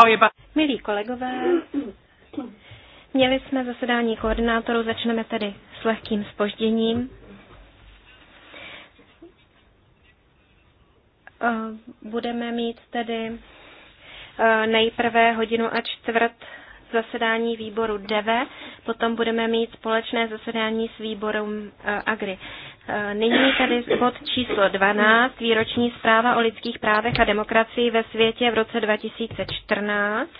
Oh, Milí kolegové, měli jsme zasedání koordinátorů, začneme tedy s lehkým spožděním. Eh, budeme mít tedy eh, nejprve hodinu a čtvrt zasedání výboru DEVE, potom budeme mít společné zasedání s výborem eh, AGRI. Eh, nyní tady bod číslo 12, výroční zpráva o lidských právech a demokracii ve světě v roce 2014.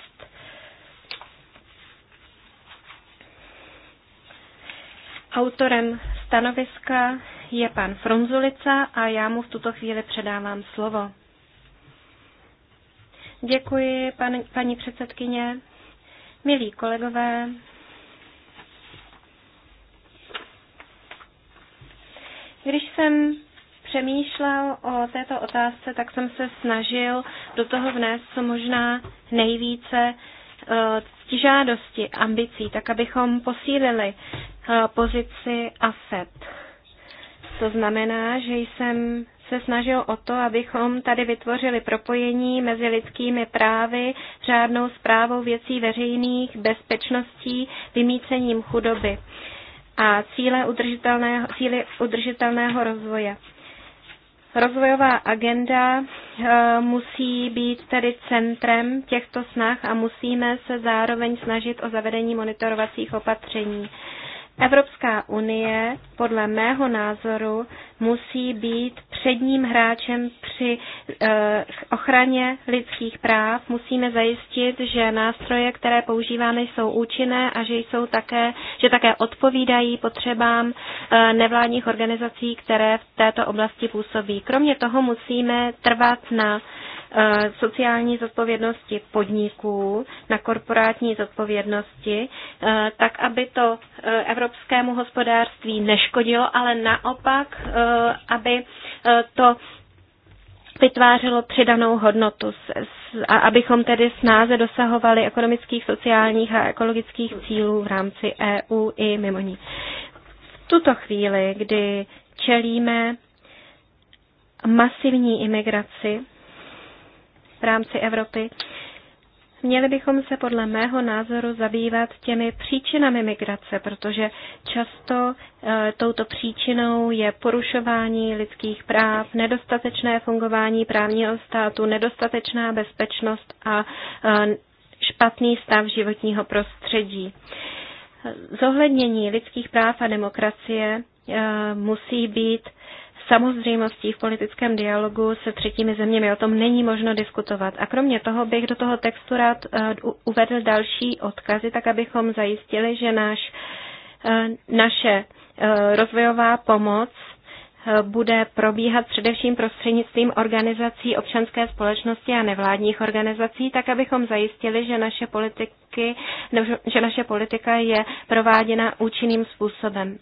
Autorem stanoviska je pan Frunzulica a já mu v tuto chvíli předávám slovo. Děkuji, pan, paní předsedkyně. Milí kolegové, když jsem přemýšlel o této otázce, tak jsem se snažil do toho vnést co možná nejvíce eh, ctižádosti, ambicí, tak abychom posílili eh, pozici set. To znamená, že jsem se snažil o to, abychom tady vytvořili propojení mezi lidskými právy, řádnou zprávou věcí veřejných, bezpečností, vymícením chudoby a cíle udržitelného, cíly udržitelného rozvoje. Rozvojová agenda eh, musí být tedy centrem těchto snah a musíme se zároveň snažit o zavedení monitorovacích opatření. Evropská unie podle mého názoru musí být předním hráčem při eh, ochraně lidských práv. Musíme zajistit, že nástroje, které používáme, jsou účinné a že jsou také, že také odpovídají potřebám eh, nevládních organizací, které v této oblasti působí. Kromě toho musíme trvat na Eh, sociální zodpovědnosti podniků na korporátní zodpovědnosti, eh, tak aby to eh, evropskému hospodářství neškodilo, ale naopak, aby to vytvářelo přidanou hodnotu, a abychom tedy snáze dosahovali ekonomických, sociálních a ekologických cílů v rámci EU i mimo ní. V tuto chvíli, kdy čelíme masivní imigraci, v rámci Evropy. Měli bychom se podle mého názoru zabývat těmi příčinami migrace, protože často e, touto příčinou je porušování lidských práv, nedostatečné fungování právního státu, nedostatečná bezpečnost a e, špatný stav životního prostředí. Zohlednění lidských práv a demokracie e, musí být e, samozřejmostí v politickém dialogu se třetími zeměmi. O tom není možno diskutovat. A kromě toho bych do toho textu rád eh, uvedl další odkazy, tak abychom zajistili, že náš, eh, naše eh, rozvojová pomoc bude probíhat především prostřednictvím organizací občanské společnosti a nevládních organizací, tak abychom zajistili, že naše, politiky, že naše politika je prováděna účinným způsobem.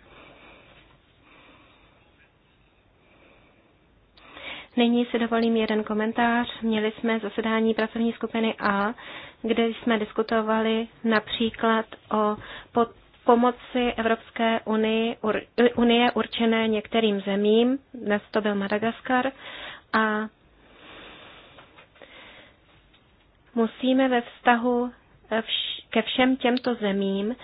Nyní si dovolím jeden komentář. Měli jsme zasedání pracovní skupiny A, kde jsme diskutovali například o pod pomoci Evropské unie, ur, unie určené některým zemím, dnes to byl Madagaskar, a musíme ve vztahu vš, ke všem těmto zemím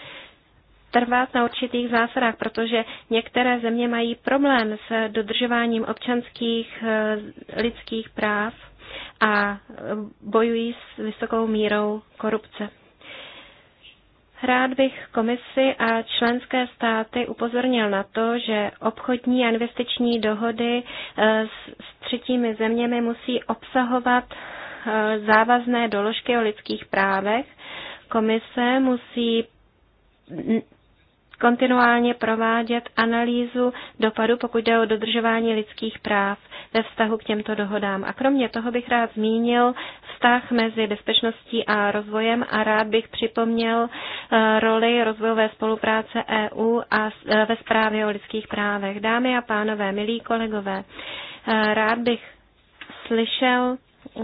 trvat na určitých zásadách, protože některé země mají problém s dodržováním občanských eh, lidských práv a eh, bojují s vysokou mírou korupce. Rád bych komisi a členské státy upozornil na to, že obchodní a investiční dohody eh, s třetími zeměmi musí obsahovat závazné doložky o lidských právech. Komise musí kontinuálně provádět analýzu dopadu, pokud jde o dodržování lidských práv ve vztahu k těmto dohodám. A kromě toho bych rád zmínil vztah mezi bezpečností a rozvojem a rád bych připomněl eh, roli rozvojové spolupráce EU a eh, ve zprávě o lidských právech. Dámy a pánové, milí kolegové, eh, rád bych slyšel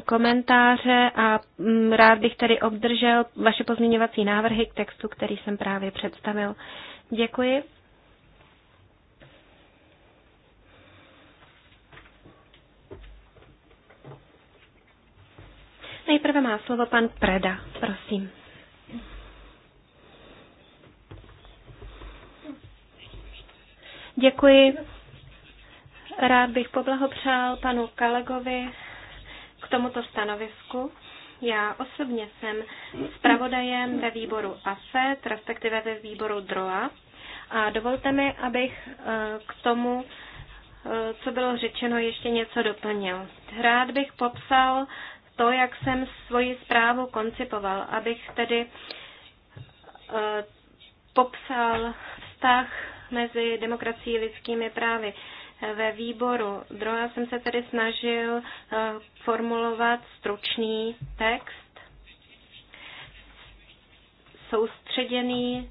komentáře a mm, rád bych tedy obdržel vaše pozměňovací návrhy k textu, který jsem právě představil. Děkuji. Nejprve má slovo pan Preda, prosím. Děkuji. Rád bych poblahopřál panu Kalegovi k tomuto stanovisku. Já osobně jsem zpravodajem ve výboru ASET, respektive ve výboru DROA. A dovolte mi, abych eh, k tomu, eh, co bylo řečeno, ještě něco doplnil. Rád bych popsal to, jak jsem svoji zprávu koncipoval, abych tedy eh, popsal vztah mezi demokracií a lidskými právy ve výboru. Druhá jsem se tedy snažil eh, formulovat stručný text, soustředěný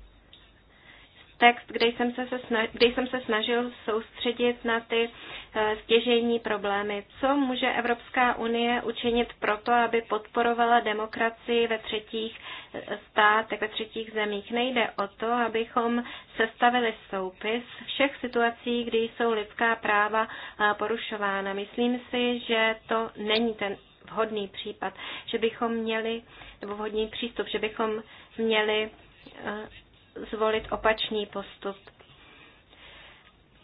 text, kde jsem se, se, snažil, kde jsem se snažil soustředit na ty eh, stěžení problémy. Co může Evropská unie učinit proto, aby podporovala demokracii ve třetích eh, státech, ve třetích zemích? Nejde o to, abychom sestavili soupis všech situací, kdy jsou lidská práva eh, porušována. Myslím si, že to není ten vhodný případ, že bychom měli, nebo vhodný přístup, že bychom měli zvolit opačný postup.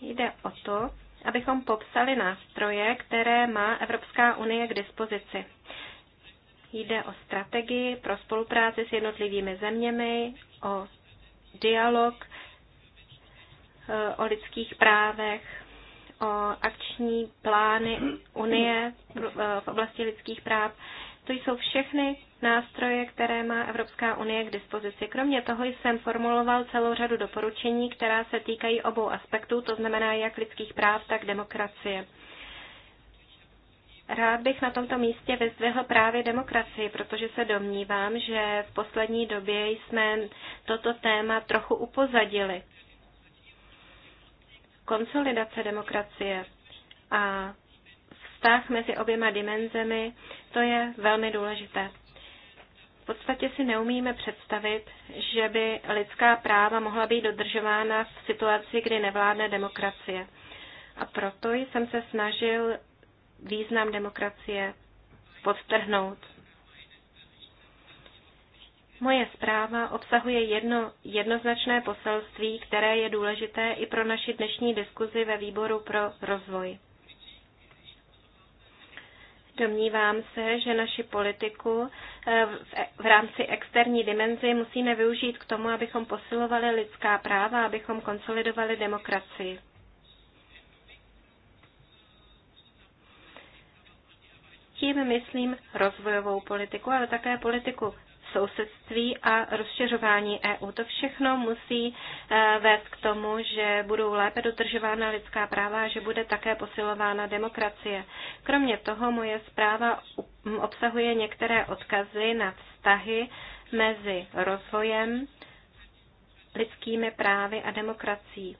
Jde o to, abychom popsali nástroje, které má Evropská unie k dispozici. Jde o strategii pro spolupráci s jednotlivými zeměmi, o dialog eh, o lidských právech, o akční plány Unie eh, v oblasti lidských práv. To jsou všechny nástroje, které má Evropská unie k dispozici. Kromě toho jsem formuloval celou řadu doporučení, která se týkají obou aspektů, to znamená jak lidských práv, tak demokracie. Rád bych na tomto místě vyzdvihl právě demokracii, protože se domnívám, že v poslední době jsme toto téma trochu upozadili. Konsolidace demokracie a vztah mezi oběma dimenzemi, to je velmi důležité podstatě si neumíme představit, že by lidská práva mohla být dodržována v situaci, kdy nevládne demokracie. A proto jsem se snažil význam demokracie podtrhnout. Moje zpráva obsahuje jedno jednoznačné poselství, které je důležité i pro naši dnešní diskuzi ve výboru pro rozvoj. Domnívám se, že naši politiku eh, v rámci externí dimenzi musíme využít k tomu, abychom posilovali lidská práva, abychom konsolidovali demokracii. Tím myslím rozvojovou politiku, ale také politiku sousedství a rozšiřování EU. To všechno musí eh, vést k tomu, že budou lépe dodržována lidská práva a že bude také posilována demokracie. Kromě toho moje zpráva obsahuje některé odkazy na vztahy mezi rozvojem, lidskými právy a demokracií.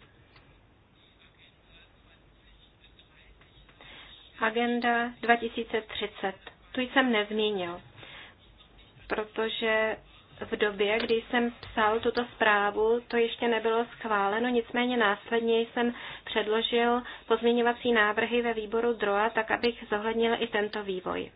Agenda 2030. Tu jsem nezmínil protože v době, kdy jsem psal tuto zprávu, to ještě nebylo schváleno, nicméně následně jsem předložil pozměňovací návrhy ve výboru DROA, tak abych zohlednil i tento vývoj.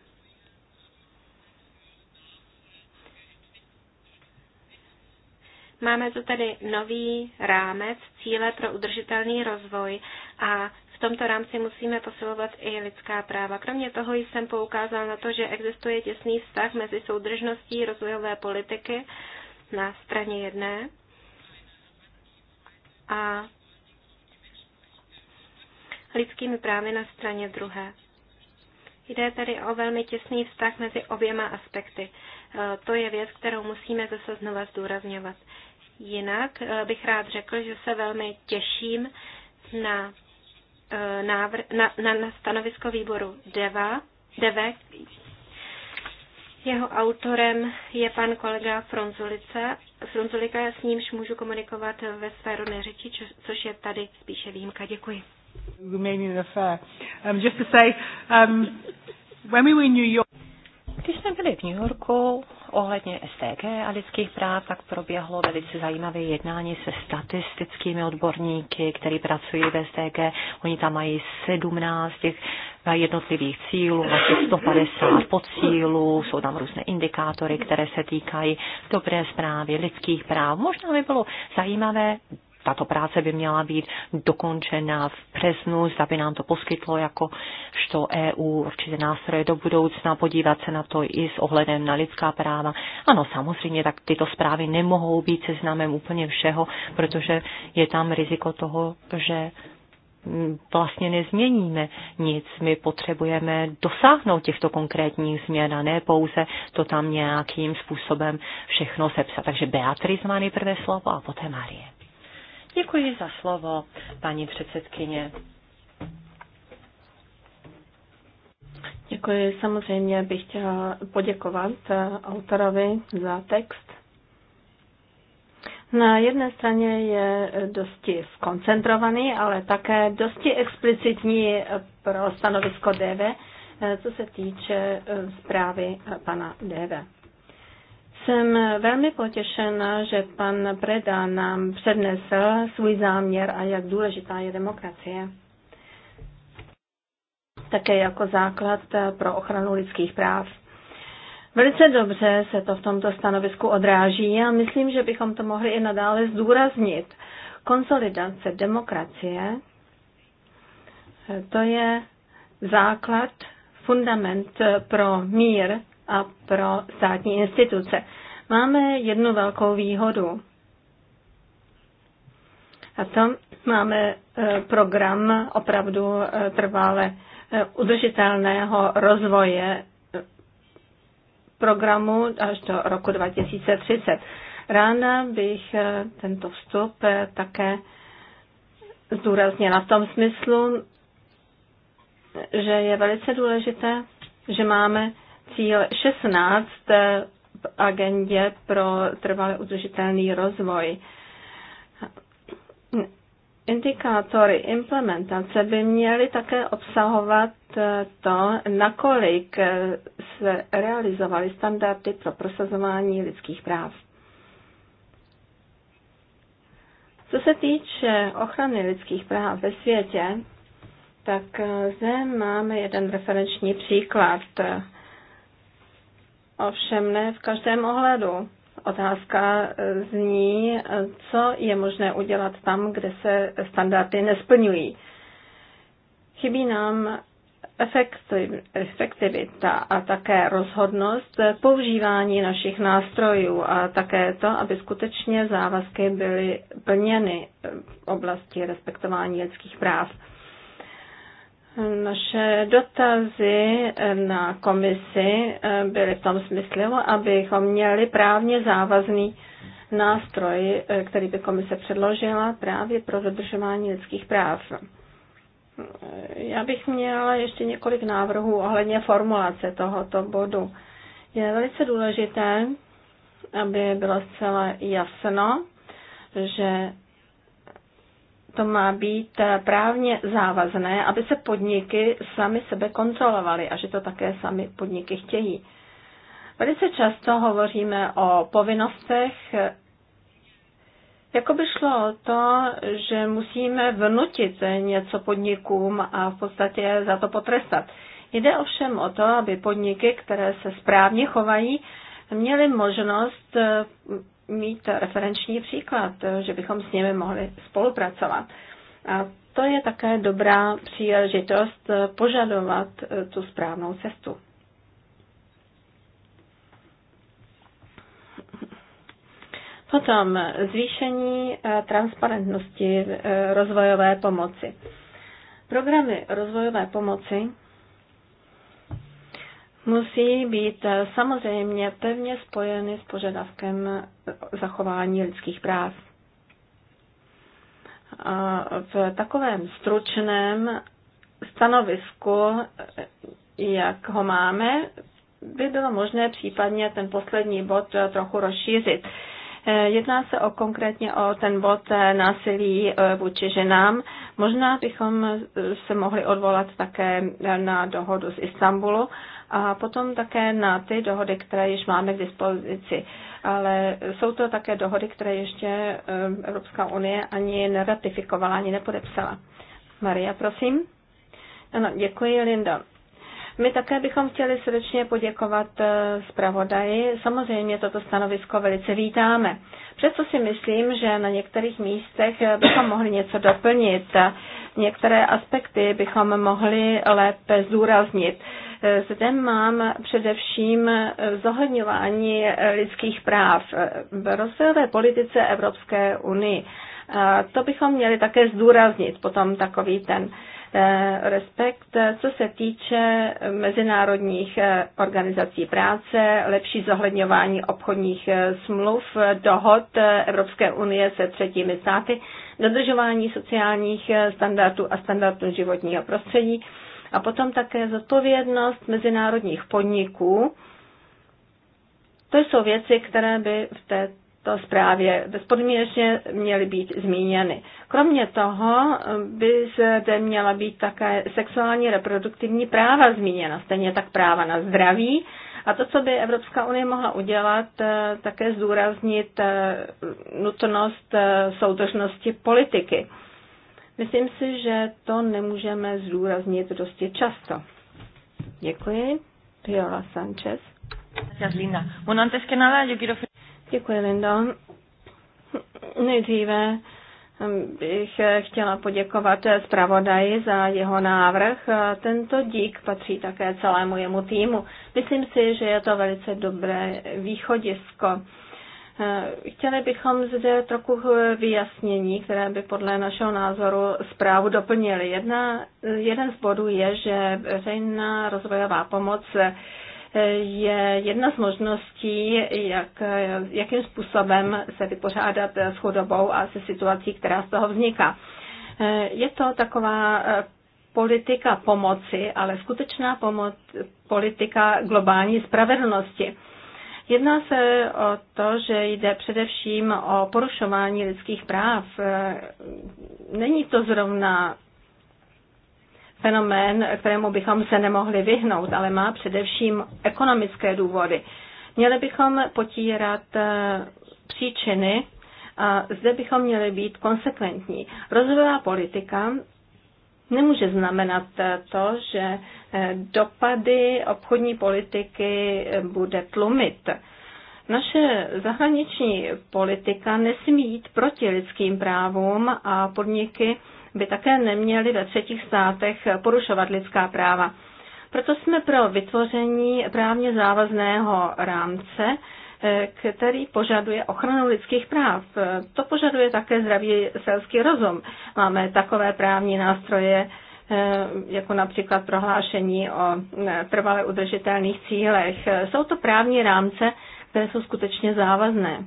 Máme tu tedy nový rámec cíle pro udržitelný rozvoj a v tomto rámci musíme posilovat i lidská práva. Kromě toho jsem poukázal na to, že existuje těsný vztah mezi soudržností rozvojové politiky na straně jedné a lidskými právy na straně druhé. Jde tedy o velmi těsný vztah mezi oběma aspekty. E, to je věc, kterou musíme zase znova zdůrazňovat. Jinak e, bych rád řekl, že se velmi těším na Eh, návr, na, na, na stanovisko výboru DEVA, DEVE. Jeho autorem je pan kolega Frunzulice. Frunzulika, s nímž můžu komunikovat ve své rodné řeči, čo, což je tady spíše výjimka. Děkuji. Um, um, když jsme byli v New Yorku, Ohledně STG a lidských práv tak proběhlo velice zajímavé jednání se statistickými odborníky, kteří pracují ve STG. Oni tam mají 17 těch eh, jednotlivých cílů, asi 150 podcílů, jsou tam různé indikátory, které se týkají dobré zprávy, lidských práv. Možná by bylo zajímavé tato práce by měla být dokončena v březnu, zda by nám to poskytlo jako što EU určitě nástroje do budoucna, podívat se na to i s ohledem na lidská práva. Ano, samozřejmě, tak tyto zprávy nemohou být seznamem úplně všeho, protože je tam riziko toho, že vlastně nezměníme nic. My potřebujeme dosáhnout těchto konkrétních změn a ne pouze to tam nějakým způsobem všechno sepsat. Takže Beatriz má nejprve slovo a poté Marie. Děkuji za slovo, paní předsedkyně. Děkuji. Samozřejmě bych chtěla poděkovat eh, autorovi za text. Na jedné straně je dosti skoncentrovaný, ale také dosti explicitní pro stanovisko DV, eh, co se týče eh, zprávy pana DV. Jsem velmi potěšena, že pan Preda nám přednesl svůj záměr a jak důležitá je demokracie. Také jako základ pro ochranu lidských práv. Velice dobře se to v tomto stanovisku odráží a myslím, že bychom to mohli i nadále zdůraznit. Konsolidace demokracie, to je základ, fundament pro mír a pro státní instituce. Máme jednu velkou výhodu. A to máme e, program opravdu e, trvále e, udržitelného rozvoje programu až do roku 2030. Rána bych tento vstup také zdůraznila v tom smyslu, že je velice důležité, že máme cíl 16 v agendě pro trvalý udržitelný rozvoj. Indikátory implementace by měly také obsahovat to, nakolik se realizovaly standardy pro prosazování lidských práv. Co se týče ochrany lidských práv ve světě, tak zde máme jeden referenční příklad Ovšem ne v každém ohledu. Otázka eh, zní, eh, co je možné udělat tam, kde se standardy nesplňují. Chybí nám efektivita a také rozhodnost používání našich nástrojů a také to, aby skutečně závazky byly plněny v oblasti respektování lidských práv. Naše dotazy eh, na komisi eh, byly v tom smyslu, abychom měli právně závazný nástroj, eh, který by komise předložila právě pro dodržování lidských práv. Já bych měla ještě několik návrhů ohledně formulace tohoto bodu. Je velice důležité, aby bylo zcela jasno, že to má být eh, právně závazné, aby se podniky sami sebe kontrolovaly a že to také sami podniky chtějí. Velice často hovoříme o povinnostech, jako by šlo o to, že musíme vnutit něco podnikům a v podstatě za to potrestat. Jde ovšem o to, aby podniky, které se správně chovají, měli možnost eh, mít referenční příklad, že bychom s nimi mohli spolupracovat. A to je také dobrá příležitost požadovat eh, tu správnou cestu. Potom zvýšení eh, transparentnosti eh, rozvojové pomoci. Programy rozvojové pomoci musí být eh, samozřejmě pevně spojeny s požadavkem eh, zachování lidských práv. A v takovém stručném stanovisku, eh, jak ho máme, by bylo možné případně ten poslední bod trochu rozšířit. Jedná se o konkrétně o ten bod násilí vůči ženám. Možná bychom se mohli odvolat také na dohodu z Istanbulu a potom také na ty dohody, které již máme k dispozici. Ale jsou to také dohody, které ještě eh, Evropská unie ani neratifikovala, ani nepodepsala. Maria, prosím. Ano, děkuji, Linda. My také bychom chtěli srdečně poděkovat eh, zpravodaji. Samozřejmě toto stanovisko velice vítáme. Přesto si myslím, že na některých místech eh, bychom mohli něco doplnit. Některé aspekty bychom mohli lépe zdůraznit. Zde mám především zohledňování lidských práv v rozvojové politice Evropské unii. To bychom měli také zdůraznit potom takový ten eh, respekt, co se týče mezinárodních eh, organizací práce, lepší zohledňování obchodních eh, smluv, dohod Evropské unie se třetími státy, dodržování sociálních standardů a standardů životního prostředí, a potom také zodpovědnost mezinárodních podniků. To jsou věci, které by v této zprávě bezpodmínečně měly být zmíněny. Kromě toho by zde měla být také sexuální reproduktivní práva zmíněna, stejně tak práva na zdraví. A to, co by Evropská unie mohla udělat, eh, také zdůraznit eh, nutnost eh, soudržnosti politiky. Myslím si, že to nemůžeme zdůraznit dosti často. Děkuji. Viola Sanchez. Gracias, Linda. Děkuji, Lindo. Nejdříve hm, bych chtěla poděkovat zpravodaji za jeho návrh. Tento dík patří také celému jemu týmu. Myslím si, že je to velice dobré východisko Eh, chtěli bychom zde trochu eh, vyjasnění, které by podle našeho názoru zprávu doplnili. Jedna, eh, jeden z bodů je, že veřejná rozvojová pomoc je jedna z možností, jak, jakým způsobem se vypořádat s chudobou a se situací, která z toho vzniká. Je to taková politika pomoci, ale skutečná pomoc, politika globální spravedlnosti Jedná se o to, že jde především o porušování lidských práv. E, není to zrovna fenomén, kterému bychom se nemohli vyhnout, ale má především ekonomické důvody. Měli bychom potírat e, příčiny a zde bychom měli být konsekventní. Rozvojová politika nemůže znamenat e, to, že Eh, dopady obchodní politiky eh, bude tlumit. Naše zahraniční politika nesmí jít proti lidským právům a podniky by také neměly ve třetích státech porušovat lidská práva. Proto jsme pro vytvoření právně závazného rámce, eh, který požaduje ochranu lidských práv. To požaduje také zdravý selský rozum. Máme takové právní nástroje, Eh, jako například prohlášení o eh, trvale udržitelných cílech. Jsou to právní rámce, které jsou skutečně závazné.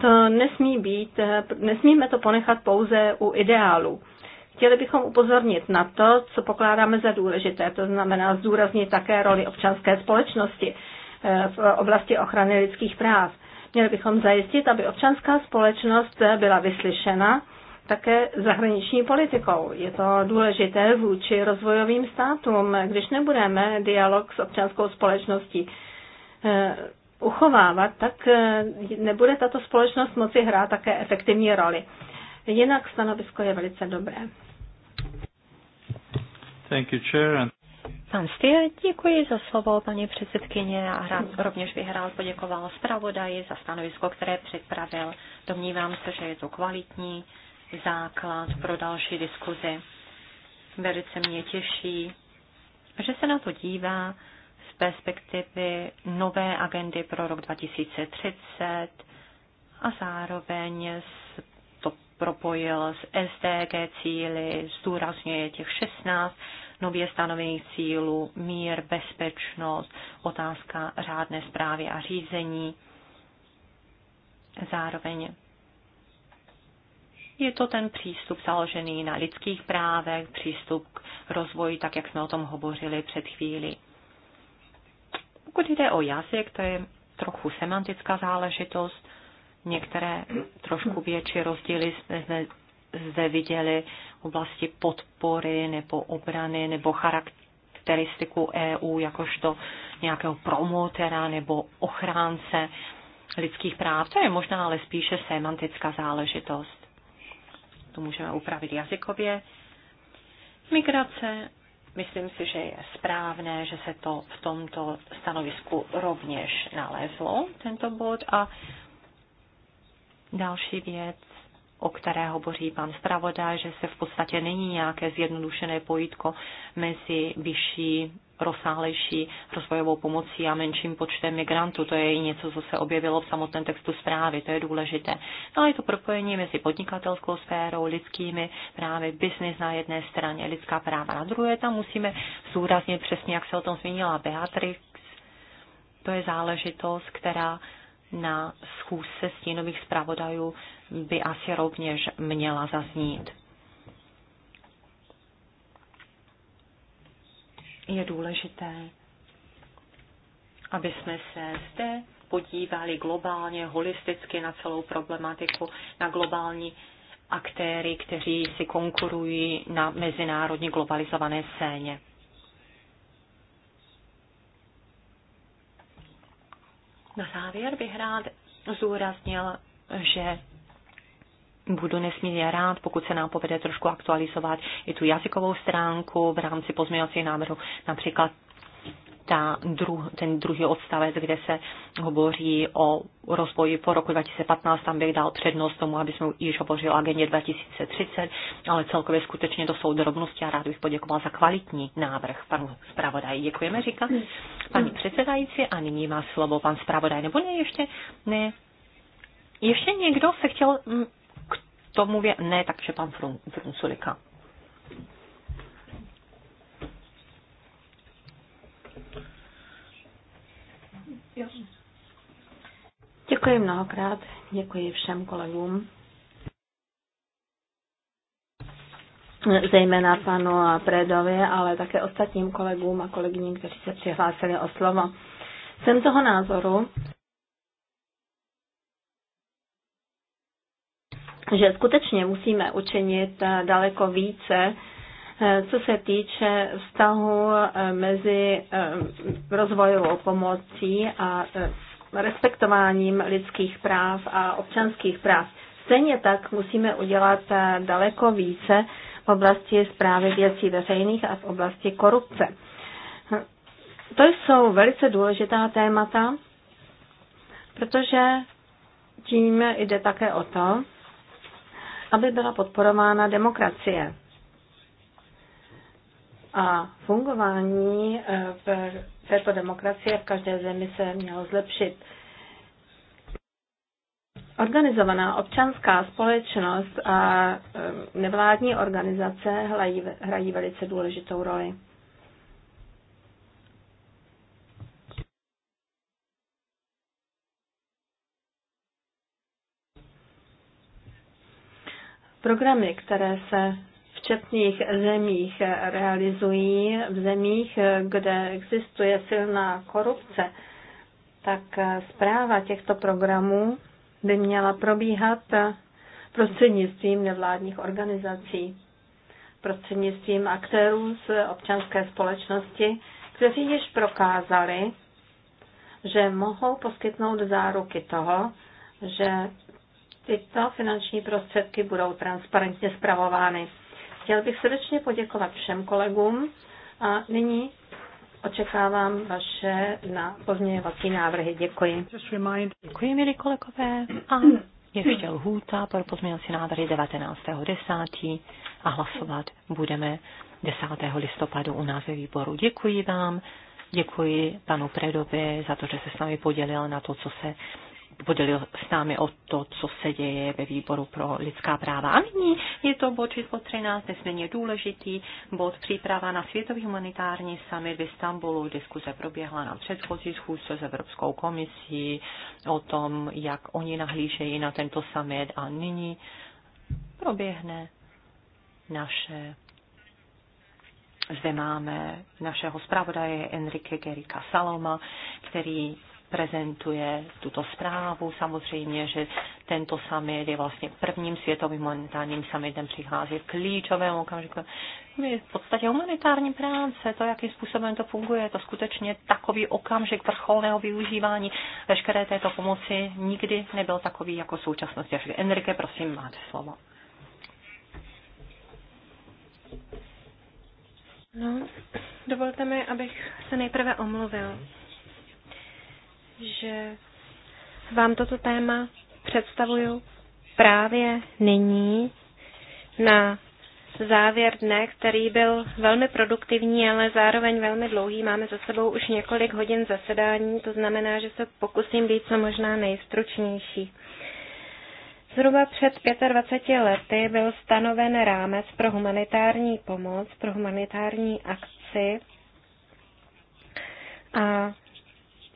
To nesmí být, eh, nesmíme to ponechat pouze u ideálu. Chtěli bychom upozornit na to, co pokládáme za důležité, to znamená zdůraznit také roli občanské společnosti v oblasti ochrany lidských práv. Měli bychom zajistit, aby občanská společnost byla vyslyšena, také zahraniční politikou. Je to důležité vůči rozvojovým státům, když nebudeme dialog s občanskou společností eh, uchovávat, tak eh, nebude tato společnost moci hrát také efektivní roli. Jinak stanovisko je velice dobré. Thank you, Chair. Pan Stier, děkuji za slovo, paní předsedkyně, a rád, rovněž bych rád poděkoval zpravodaji za stanovisko, které připravil. Domnívám se, že je to kvalitní základ pro další diskuzi. Velice mě těší, že se na to dívá z perspektivy nové agendy pro rok 2030 a zároveň to propojil s SDG cíly, zdůrazňuje těch 16 nově stanovených cílů, mír, bezpečnost, otázka řádné zprávy a řízení. Zároveň je to ten přístup založený na lidských právech, přístup k rozvoji, tak jak jsme o tom hovořili před chvílí. Pokud jde o jazyk, to je trochu semantická záležitost. Některé trošku větší rozdíly jsme zde viděli v oblasti podpory nebo obrany nebo charakteristiku EU jakožto nějakého promotera nebo ochránce lidských práv. To je možná ale spíše semantická záležitost to můžeme upravit jazykově. Migrace, myslím si, že je správné, že se to v tomto stanovisku rovněž nalezlo, tento bod. A další věc, o které hovoří pan zpravodaj, že se v podstatě není nějaké zjednodušené pojítko mezi vyšší rozsáhlejší rozvojovou pomocí a menším počtem migrantů. To je i něco, co se objevilo v samotném textu zprávy, to je důležité. No ale je to propojení mezi podnikatelskou sférou, lidskými právy, biznis na jedné straně, lidská práva na druhé. Tam musíme zúraznit přesně, jak se o tom zmínila Beatrix. To je záležitost, která na schůzce stínových zpravodajů by asi rovněž měla zaznít. je důležité, aby jsme se zde podívali globálně, holisticky na celou problematiku, na globální aktéry, kteří si konkurují na mezinárodní globalizované scéně. Na závěr bych rád zúraznil, že budu nesmírně rád, pokud se nám povede trošku aktualizovat i tu jazykovou stránku v rámci pozměňovacích návrhů, například ta dru, ten druhý odstavec, kde se hovoří o rozvoji po roku 2015, tam bych dal přednost tomu, aby jsme již hovořili o agendě 2030, ale celkově skutečně to jsou drobnosti a rád bych poděkoval za kvalitní návrh panu zpravodaji. Děkujeme, říká paní předsedající a nyní má slovo pan zpravodaj, nebo ne, ještě ne. Ještě někdo se chtěl mm, tomu vě... Ne, takže pan Frun, Frunculika. Děkuji mnohokrát, děkuji všem kolegům. zejména panu Predovi, ale také ostatním kolegům a kolegyním, kteří se přihlásili o slovo. Jsem toho názoru, že skutečně musíme učinit eh, daleko více, eh, co se týče vztahu eh, mezi rozvojovou pomocí a respektováním lidských práv a občanských práv. Stejně tak musíme udělat daleko více v oblasti zprávy věcí veřejných a v oblasti korupce. To jsou velice důležitá témata, protože tím jde také o to, aby byla podporována demokracie a fungování eh, v této demokracie v každé zemi se mělo zlepšit. Organizovaná občanská společnost a eh, nevládní organizace hrají, hrají velice důležitou roli. Programy, které se v četných zemích realizují, v zemích, kde existuje silná korupce, tak zpráva těchto programů by měla probíhat prostřednictvím nevládních organizací, prostřednictvím aktérů z občanské společnosti, kteří již prokázali, že mohou poskytnout záruky toho, že tyto finanční prostředky budou transparentně zpravovány. Chtěl bych srdečně poděkovat všem kolegům a nyní očekávám vaše na pozměňovací návrhy. Děkuji. Děkuji, milí kolegové. A ještě lhůta pro pozměňovací návrhy 19.10. a hlasovat budeme 10. listopadu u nás ve výboru. Děkuji vám. Děkuji panu Predovi za to, že se s námi podělil na to, co se podělil s námi o to, co se děje ve výboru pro lidská práva. A nyní je to bod číslo 13, nesmírně důležitý bod příprava na světový humanitární summit v Istanbulu. Diskuze proběhla na předchozí schůzce s Evropskou komisí o tom, jak oni nahlížejí na tento summit a nyní proběhne naše zde máme našeho zpravodaje Enrique Gerika Saloma, který prezentuje tuto zprávu. Samozřejmě, že tento summit je vlastně prvním světovým humanitárním summitem, přichází v klíčovém okamžiku. v podstatě humanitární práce, to, jakým způsobem to funguje, je to skutečně takový okamžik vrcholného využívání veškeré této pomoci nikdy nebyl takový jako v současnosti. Enrique, prosím, máte slovo. No, dovolte mi, abych se nejprve omluvil že vám toto téma představuju právě nyní na závěr dne, který byl velmi produktivní, ale zároveň velmi dlouhý. Máme za sebou už několik hodin zasedání, to znamená, že se pokusím být co možná nejstručnější. Zhruba před 25 lety byl stanoven rámec pro humanitární pomoc, pro humanitární akci a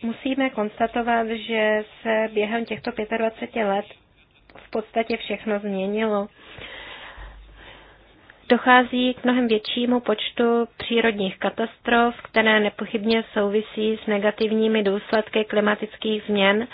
musíme konstatovat, že se během těchto 25 let v podstatě všechno změnilo. Dochází k mnohem většímu počtu přírodních katastrof, které nepochybně souvisí s negativními důsledky klimatických změn,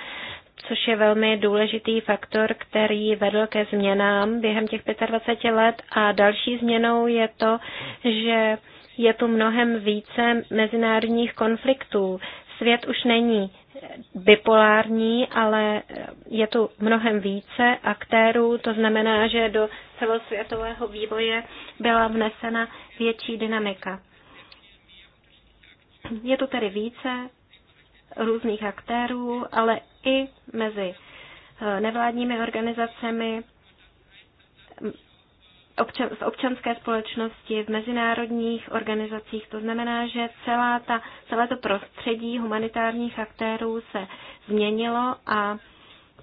což je velmi důležitý faktor, který vedl ke změnám během těch 25 let. A další změnou je to, že je tu mnohem více mezinárodních konfliktů svět už není bipolární, ale je tu mnohem více aktérů, to znamená, že do celosvětového vývoje byla vnesena větší dynamika. Je tu tedy více různých aktérů, ale i mezi nevládními organizacemi, občan, v občanské společnosti, v mezinárodních organizacích. To znamená, že celá ta, celé to prostředí humanitárních aktérů se změnilo a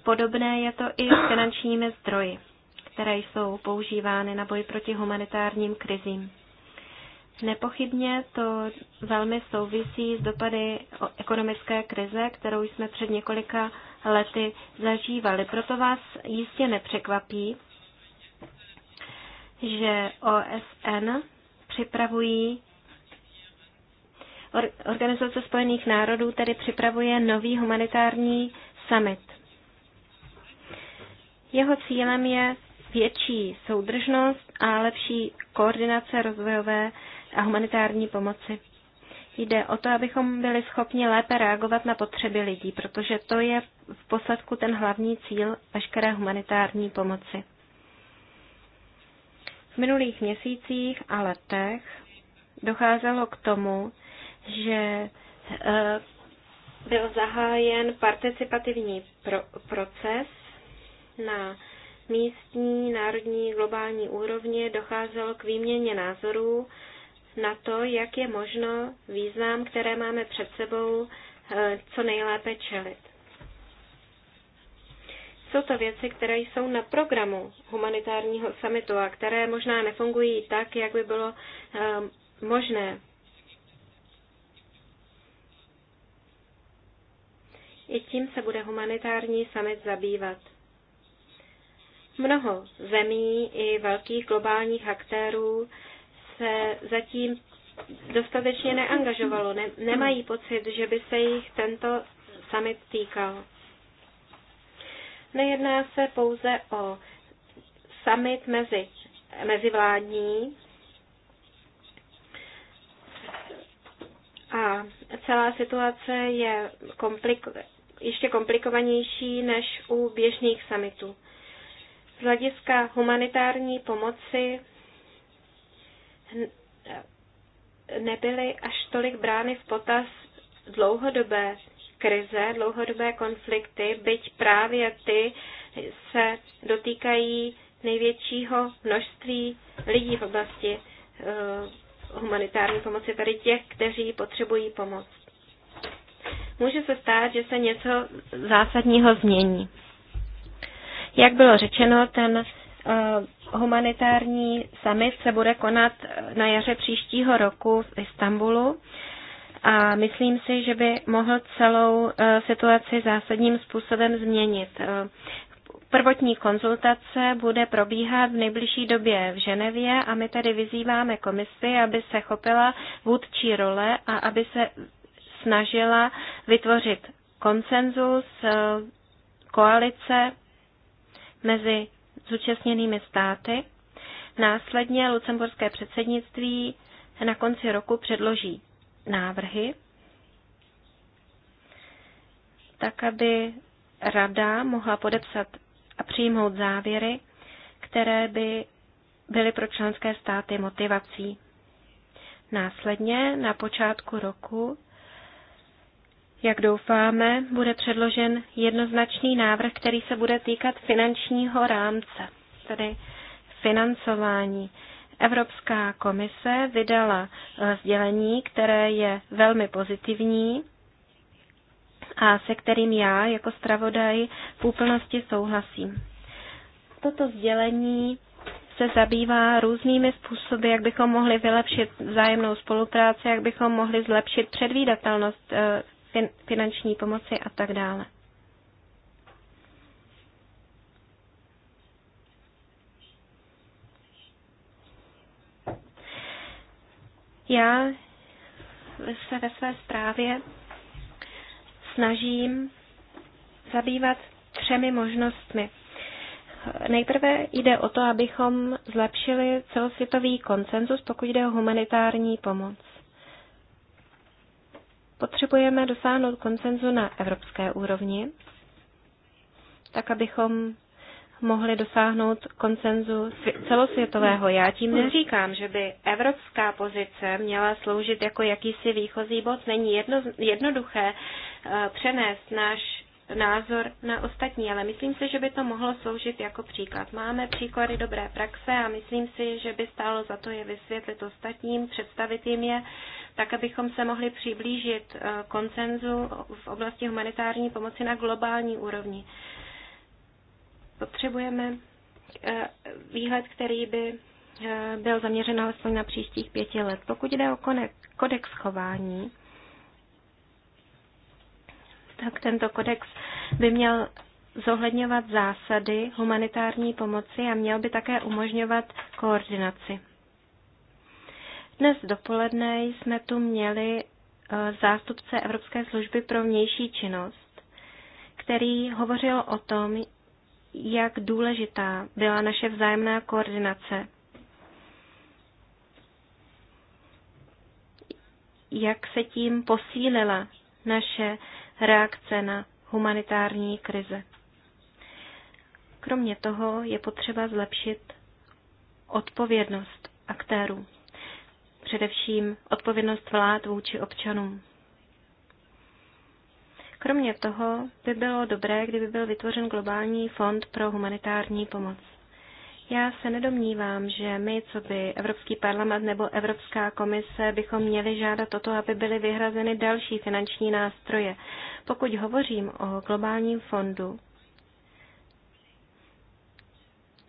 podobné je to i s finančními zdroji, které jsou používány na boj proti humanitárním krizím. Nepochybně to velmi souvisí s dopady ekonomické krize, kterou jsme před několika lety zažívali. Proto vás jistě nepřekvapí, že OSN připravují Organizace spojených národů tedy připravuje nový humanitární summit. Jeho cílem je větší soudržnost a lepší koordinace rozvojové a humanitární pomoci. Jde o to, abychom byli schopni lépe reagovat na potřeby lidí, protože to je v posledku ten hlavní cíl veškeré humanitární pomoci. V minulých měsících a letech docházelo k tomu, že eh, byl zahájen participativní pro- proces na místní, národní, globální úrovni docházelo k výměně názorů na to, jak je možno význam, které máme před sebou, eh, co nejlépe čelit. Jsou to věci, které jsou na programu humanitárního samitu a které možná nefungují tak, jak by bylo ehm, možné. I tím se bude humanitární summit zabývat. Mnoho zemí i velkých globálních aktérů se zatím dostatečně neangažovalo, ne, nemají pocit, že by se jich tento summit týkal. Nejedná se pouze o summit mezi, mezivládní a celá situace je kompliko- ještě komplikovanější než u běžných summitů. Z hlediska humanitární pomoci nebyly až tolik brány v potaz dlouhodobé krize, dlouhodobé konflikty, byť právě ty se dotýkají největšího množství lidí v oblasti eh, humanitární pomoci, tedy těch, kteří potřebují pomoc. Může se stát, že se něco zásadního změní. Jak bylo řečeno, ten eh, humanitární summit se bude konat na jaře příštího roku v Istanbulu a myslím si, že by mohl celou eh, situaci zásadním způsobem změnit. Eh, prvotní konzultace bude probíhat v nejbližší době v Ženevě a my tady vyzýváme komisi, aby se chopila vůdčí role a aby se snažila vytvořit konsenzus eh, koalice mezi zúčastněnými státy. Následně lucemburské předsednictví na konci roku předloží návrhy, tak aby rada mohla podepsat a přijmout závěry, které by byly pro členské státy motivací. Následně na počátku roku, jak doufáme, bude předložen jednoznačný návrh, který se bude týkat finančního rámce, tedy financování. Evropská komise vydala eh, sdělení, které je velmi pozitivní a se kterým já jako zpravodaj v úplnosti souhlasím. Toto sdělení se zabývá různými způsoby, jak bychom mohli vylepšit vzájemnou spolupráci, jak bychom mohli zlepšit předvídatelnost eh, finanční pomoci a tak dále. Já se ve své zprávě snažím zabývat třemi možnostmi. Nejprve jde o to, abychom zlepšili celosvětový konsenzus, pokud jde o humanitární pomoc. Potřebujeme dosáhnout konsenzu na evropské úrovni, tak abychom mohli dosáhnout koncenzu celosvětového. Já tím neříkám, že by evropská pozice měla sloužit jako jakýsi výchozí bod. Není jedno, jednoduché eh, přenést náš názor na ostatní, ale myslím si, že by to mohlo sloužit jako příklad. Máme příklady dobré praxe a myslím si, že by stálo za to je vysvětlit ostatním, představit jim je, tak abychom se mohli přiblížit eh, koncenzu v oblasti humanitární pomoci na globální úrovni. Potřebujeme eh, výhled, který by eh, byl zaměřen alespoň na příštích pěti let. Pokud jde o kodex chování, tak tento kodex by měl zohledňovat zásady humanitární pomoci a měl by také umožňovat koordinaci. Dnes dopoledne jsme tu měli eh, zástupce Evropské služby pro vnější činnost, který hovořil o tom, jak důležitá byla naše vzájemná koordinace. Jak se tím posílila naše reakce na humanitární krize. Kromě toho je potřeba zlepšit odpovědnost aktérů, především odpovědnost vlád vůči občanům. Kromě toho by bylo dobré, kdyby byl vytvořen globální fond pro humanitární pomoc. Já se nedomnívám, že my, co by Evropský parlament nebo Evropská komise, bychom měli žádat o to, aby byly vyhrazeny další finanční nástroje. Pokud hovořím o globálním fondu,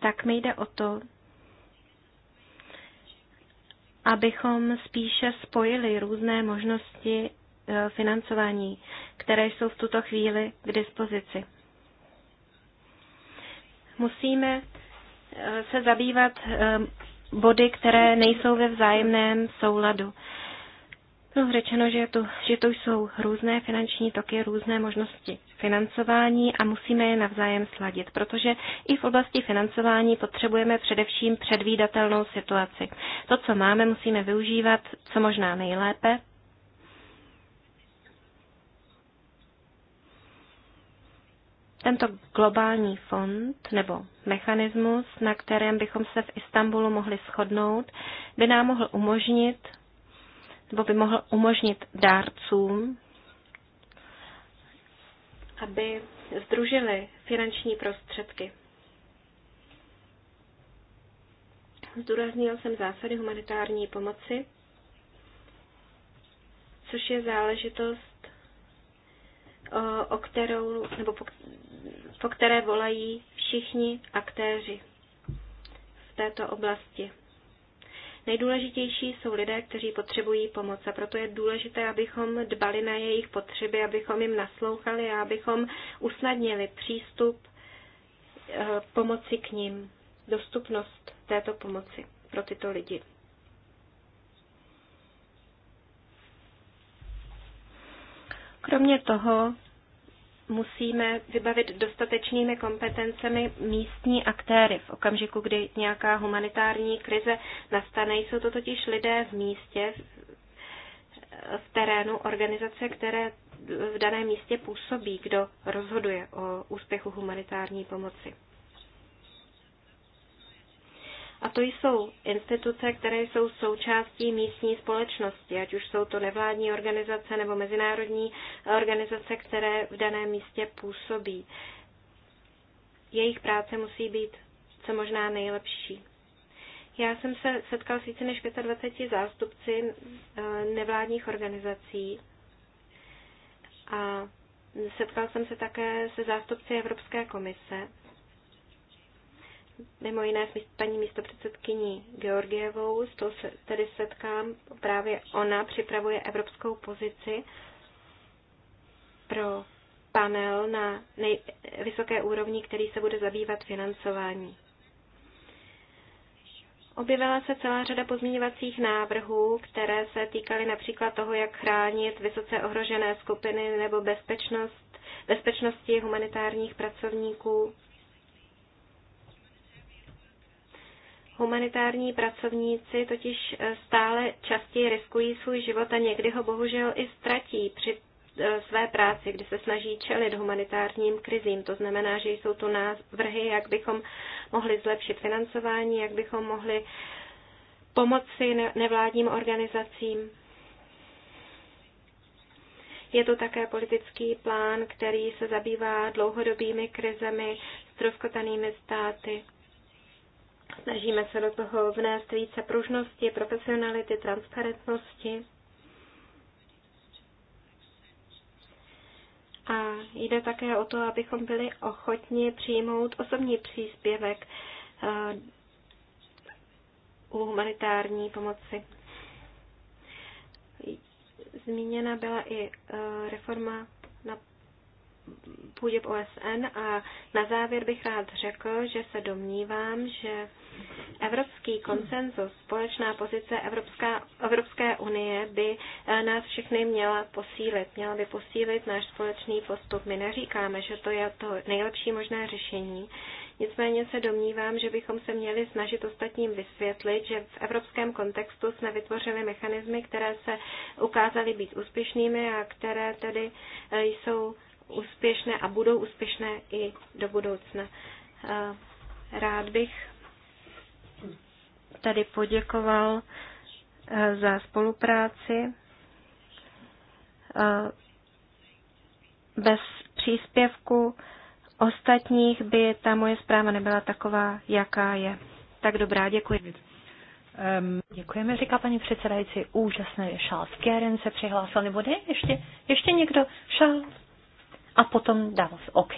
tak mi jde o to, abychom spíše spojili různé možnosti Eh, financování, které jsou v tuto chvíli k dispozici. Musíme eh, se zabývat eh, body, které nejsou ve vzájemném souladu. No, řečeno, že to, že to jsou různé finanční toky, různé možnosti financování a musíme je navzájem sladit, protože i v oblasti financování potřebujeme především předvídatelnou situaci. To, co máme, musíme využívat co možná nejlépe tento globální fond nebo mechanismus, na kterém bychom se v Istanbulu mohli shodnout, by nám mohl umožnit, nebo by mohl umožnit dárcům, aby združili finanční prostředky. Zdůraznil jsem zásady humanitární pomoci, což je záležitost, o kterou, nebo po které volají všichni aktéři v této oblasti. Nejdůležitější jsou lidé, kteří potřebují pomoc a proto je důležité, abychom dbali na jejich potřeby, abychom jim naslouchali a abychom usnadnili přístup eh, pomoci k ním, dostupnost této pomoci pro tyto lidi. Kromě toho musíme vybavit dostatečnými kompetencemi místní aktéry. V okamžiku, kdy nějaká humanitární krize nastane, jsou to totiž lidé v místě, v terénu organizace, které v daném místě působí, kdo rozhoduje o úspěchu humanitární pomoci. A to jsou instituce, které jsou součástí místní společnosti, ať už jsou to nevládní organizace nebo mezinárodní organizace, které v daném místě působí. Jejich práce musí být co možná nejlepší. Já jsem se setkal s více než 25 zástupci eh, nevládních organizací a setkal jsem se také se zástupci Evropské komise mimo jiné s paní místopředsedkyní Georgievou, s tou se tedy setkám, právě ona připravuje evropskou pozici pro panel na nej- vysoké úrovni, který se bude zabývat financování. Objevila se celá řada pozměňovacích návrhů, které se týkaly například toho, jak chránit vysoce ohrožené skupiny nebo bezpečnost, bezpečnosti humanitárních pracovníků. Humanitární pracovníci totiž eh, stále častěji riskují svůj život a někdy ho bohužel i ztratí při eh, své práci, kdy se snaží čelit humanitárním krizím. To znamená, že jsou tu návrhy, jak bychom mohli zlepšit financování, jak bychom mohli pomoci nevládním organizacím. Je to také politický plán, který se zabývá dlouhodobými krizemi, stroskotanými státy. Snažíme se do toho vnést více pružnosti, profesionality, transparentnosti. A jde také o to, abychom byli ochotni přijmout osobní příspěvek eh, u humanitární pomoci. Zmíněna byla i eh, reforma půdě v OSN a na závěr bych rád řekl, že se domnívám, že evropský konsenzus, společná pozice Evropská, Evropské unie by eh, nás všechny měla posílit. Měla by posílit náš společný postup. My neříkáme, že to je to nejlepší možné řešení. Nicméně se domnívám, že bychom se měli snažit ostatním vysvětlit, že v evropském kontextu jsme vytvořili mechanismy, které se ukázaly být úspěšnými a které tedy eh, jsou úspěšné a budou úspěšné i do budoucna. Eh, rád bych tady poděkoval eh, za spolupráci. Eh, bez příspěvku ostatních by ta moje zpráva nebyla taková, jaká je. Tak dobrá, děkuji. Um, děkujeme, říká paní předsedající. Úžasné, Charles Keren se přihlásil, nebo ne? Ještě, ještě někdo? Charles? a potom Davos. OK.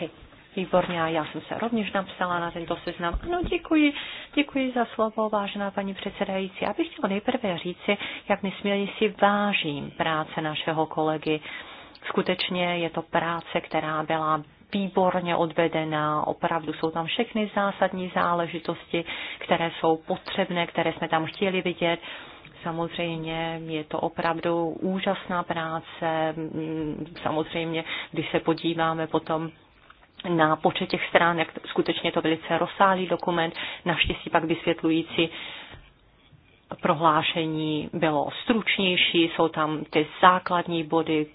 Výborně, já jsem se rovněž napsala na tento seznam. Ano, děkuji, děkuji za slovo, vážená paní předsedající. Já bych chtěla nejprve říci, jak nesmírně si vážím práce našeho kolegy. Skutečně je to práce, která byla výborně odvedená, opravdu jsou tam všechny zásadní záležitosti, které jsou potřebné, které jsme tam chtěli vidět. Samozřejmě je to opravdu úžasná práce. Samozřejmě, když se podíváme potom na počet těch strán, jak skutečně to velice rozsáhlý dokument, naštěstí pak vysvětlující prohlášení bylo stručnější, jsou tam ty základní body,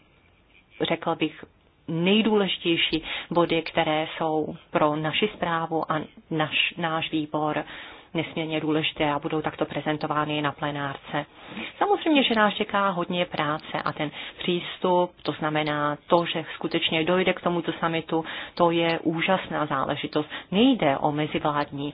řekla bych, nejdůležitější body, které jsou pro naši zprávu a naš, náš výbor nesmírně důležité a budou takto prezentovány na plenárce. Samozřejmě, že nás čeká hodně práce a ten přístup, to znamená to, že skutečně dojde k tomuto samitu, to je úžasná záležitost. Nejde o mezivládní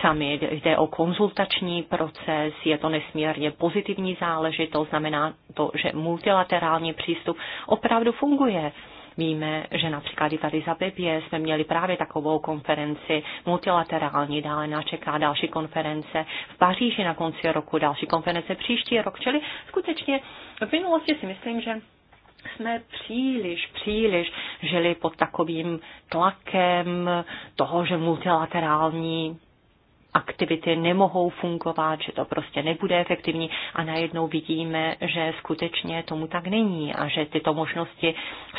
summit, jde o konzultační proces, je to nesmírně pozitivní záležitost, znamená to, že multilaterální přístup opravdu funguje. Víme, že například i tady za Bebě jsme měli právě takovou konferenci multilaterální, dále nás čeká další konference v Paříži na konci roku, další konference příští rok, čili skutečně v minulosti si myslím, že jsme příliš, příliš žili pod takovým tlakem toho, že multilaterální aktivity nemohou fungovat, že to prostě nebude efektivní a najednou vidíme, že skutečně tomu tak není a že tyto možnosti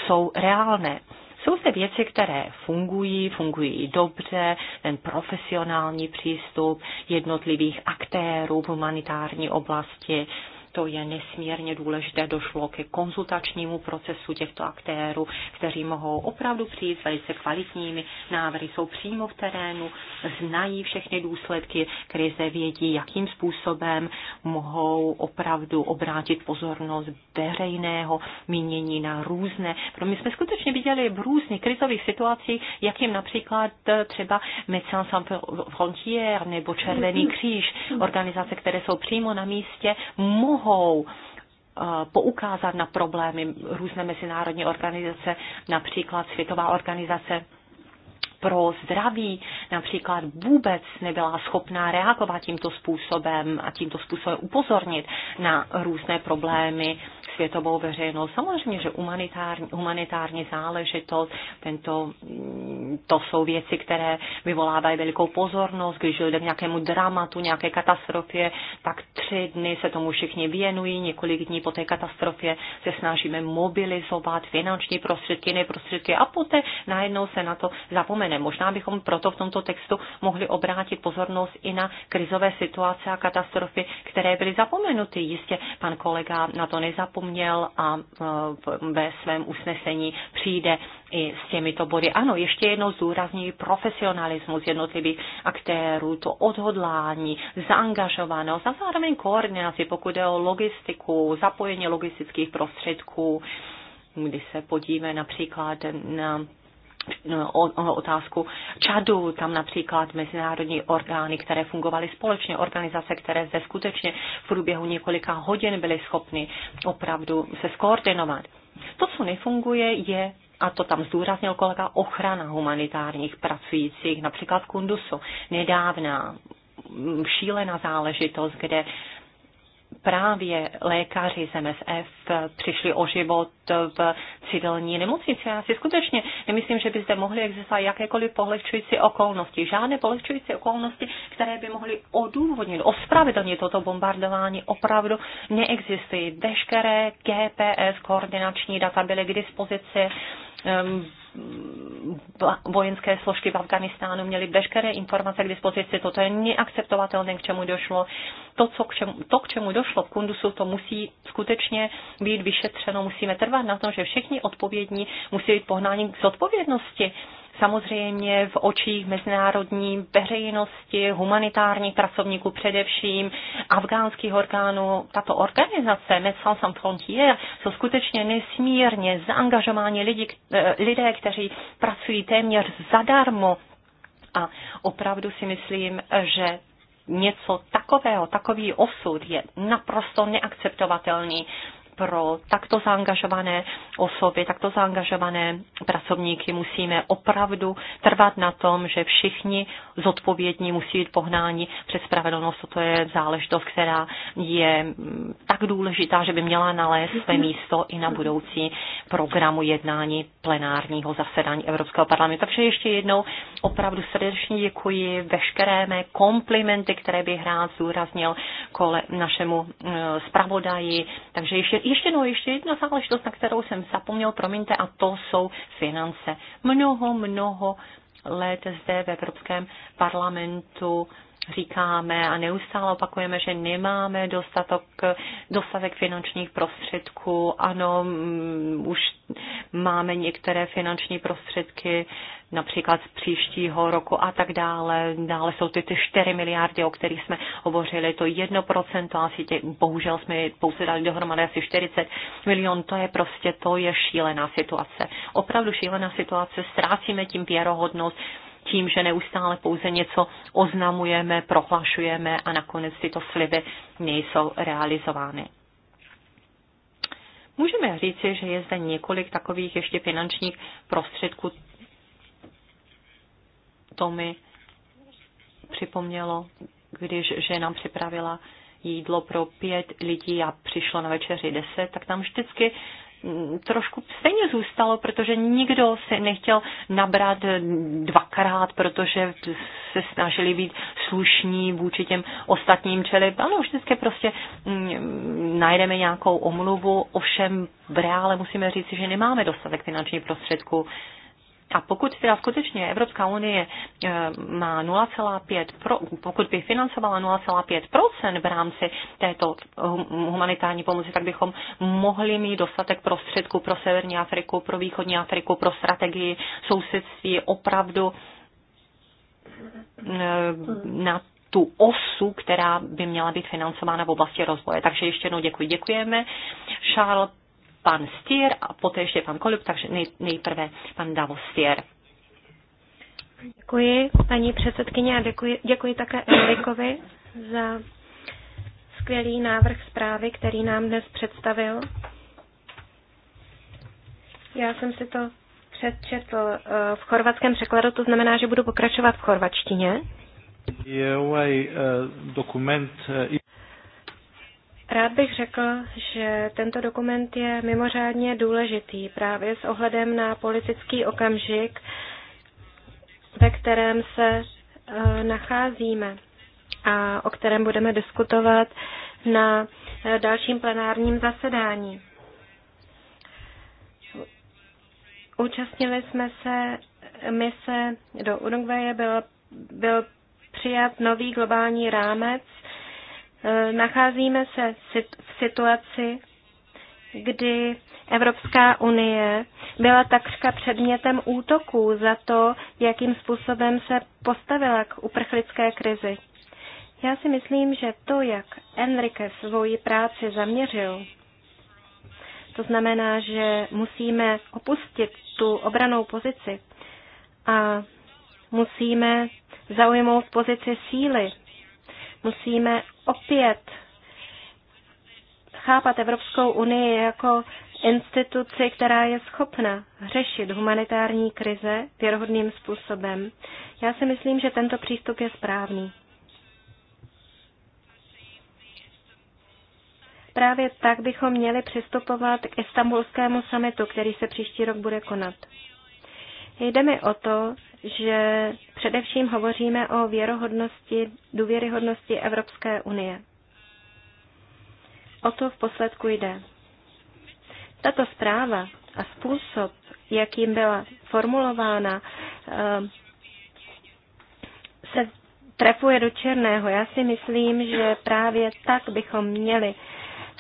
jsou reálné. Jsou se věci, které fungují, fungují dobře, ten profesionální přístup jednotlivých aktérů v humanitární oblasti, to je nesmírně důležité. Došlo ke konzultačnímu procesu těchto aktérů, kteří mohou opravdu přijít s velice kvalitními návrhy, jsou přímo v terénu, znají všechny důsledky krize, vědí, jakým způsobem mohou opravdu obrátit pozornost veřejného mínění na různé. Pro my jsme skutečně viděli v různých krizových situacích, jak jim například třeba Médecins Sans Frontières nebo Červený kříž, organizace, které jsou přímo na místě, mohou mohou eh, poukázat na problémy různé mezinárodní organizace, například Světová organizace pro zdraví například vůbec nebyla schopná reagovat tímto způsobem a tímto způsobem upozornit na různé problémy světovou veřejnost. Samozřejmě, že humanitární, humanitární záležitost, tento, to jsou věci, které vyvolávají velikou pozornost, když jde k nějakému dramatu, nějaké katastrofě, tak tři dny se tomu všichni věnují, několik dní po té katastrofě se snažíme mobilizovat finanční prostředky, neprostředky a poté najednou se na to zapomene občanem. Možná bychom proto v tomto textu mohli obrátit pozornost i na krizové situace a katastrofy, které byly zapomenuty. Jistě pan kolega na to nezapomněl a e, ve svém usnesení přijde i s těmito body. Ano, ještě jednou zdůrazňuji profesionalismus jednotlivých aktérů, to odhodlání, zaangažovanost a zároveň koordinaci, pokud je o logistiku, zapojení logistických prostředků, když se podíme například na otázku Čadu, tam například mezinárodní orgány, které fungovaly společně, organizace, které zde skutečně v průběhu několika hodin byly schopny opravdu se skoordinovat. To, co nefunguje, je a to tam zdůraznil kolega, ochrana humanitárních pracujících, například v Kundusu. Nedávná šílená záležitost, kde právě lékaři z MSF přišli o život v civilní nemocnici. Já si skutečně nemyslím, že by zde mohly existovat jakékoliv polehčující okolnosti. Žádné polehčující okolnosti, které by mohly odůvodnit, ospravedlnit toto bombardování, opravdu neexistují. Veškeré GPS koordinační data byly k dispozici um, vojenské složky v Afganistánu měly veškeré informace k dispozici. Toto je neakceptovatelné, k čemu došlo. To, co k čemu, to, k čemu došlo v Kundusu, to musí skutečně být vyšetřeno. Musíme trvat na tom, že všichni odpovědní musí být pohnáni k zodpovědnosti samozřejmě v očích mezinárodní veřejnosti, humanitárních pracovníků především, afgánských orgánů. Tato organizace Médecins sans Frontier jsou skutečně nesmírně zaangažováni lidi, eh, lidé, kteří pracují téměř zadarmo a opravdu si myslím, že něco takového, takový osud je naprosto neakceptovatelný pro takto zaangažované osoby, takto zaangažované pracovníky musíme opravdu trvat na tom, že všichni zodpovědní musí být pohnáni před spravedlnost. Toto je záležitost, která je mm, tak důležitá, že by měla nalézt své mhm. místo i na budoucí programu jednání plenárního zasedání Evropského parlamentu. Takže ještě jednou opravdu srdečně děkuji veškeré mé komplimenty, které bych rád zúraznil kole našemu eh, zpravodaji. Takže ještě ještě, no, ještě jedna záležitost, na kterou jsem zapomněl, promiňte, a to jsou finance. Mnoho, mnoho let zde v Evropském parlamentu říkáme a neustále opakujeme, že nemáme dostatok, dostatek finančních prostředků. Ano, mm, už máme některé finanční prostředky, například z příštího roku a tak dále. Dále jsou ty, ty 4 miliardy, o kterých jsme hovořili, to 1%, asi tě, bohužel jsme pouze dali dohromady asi 40 milion, to je prostě, to je šílená situace. Opravdu šílená situace, ztrácíme tím věrohodnost, tím, že neustále pouze něco oznamujeme, prohlašujeme a nakonec tyto sliby nejsou realizovány. Můžeme říci, že je zde několik takových ještě finančních prostředků. To mi připomnělo, když žena připravila jídlo pro pět lidí a přišlo na večeři deset, tak tam vždycky trošku stejně zůstalo, protože nikdo se nechtěl nabrat dvakrát, protože se snažili být slušní vůči těm ostatním, čili ano, vždycky prostě mm, najdeme nějakou omluvu, ovšem v reále musíme říci, že nemáme dostatek finančních prostředků a pokud teda skutečně Evropská unie eh, má 0,5, pro, pokud by financovala 0,5 v rámci této eh, humanitární pomoci, tak bychom mohli mít dostatek prostředků pro Severní Afriku, pro Východní Afriku, pro strategii sousedství opravdu eh, na tu osu, která by měla být financována v oblasti rozvoje. Takže ještě jednou děkuji. Děkujeme. Charles pan Stier a poté ještě pan Kolub, takže nej, nejprve pan Davos Stier. Děkuji, paní předsedkyně, a děkuji, děkuji také Erikovi za skvělý návrh zprávy, který nám dnes představil. Já jsem si to přečetl eh, v chorvatském překladu, to znamená, že budu pokračovat v chorvačtině. Je ovaj eh, dokument eh, Rád bych řekl, že tento dokument je mimořádně důležitý právě s ohledem na politický okamžik, ve kterém se eh, nacházíme a o kterém budeme diskutovat na eh, dalším plenárním zasedání. Účastnili jsme se mise do Uruguaye, byl, byl přijat nový globální rámec nacházíme se v situaci, kdy Evropská unie byla takřka předmětem útoků za to, jakým způsobem se postavila k uprchlické krizi. Já si myslím, že to, jak Enrique svoji práci zaměřil, to znamená, že musíme opustit tu obranou pozici a musíme zaujmout pozici síly, Musíme opět chápat Evropskou unii jako instituci, která je schopna řešit humanitární krize věrohodným způsobem. Já si myslím, že tento přístup je správný. Právě tak bychom měli přistupovat k istambulskému samitu, který se příští rok bude konat. Jde mi o to, že především hovoříme o věrohodnosti, důvěryhodnosti Evropské unie. O to v posledku jde. Tato zpráva a způsob, jakým byla formulována, eh, se trefuje do černého. Já si myslím, že právě tak bychom měli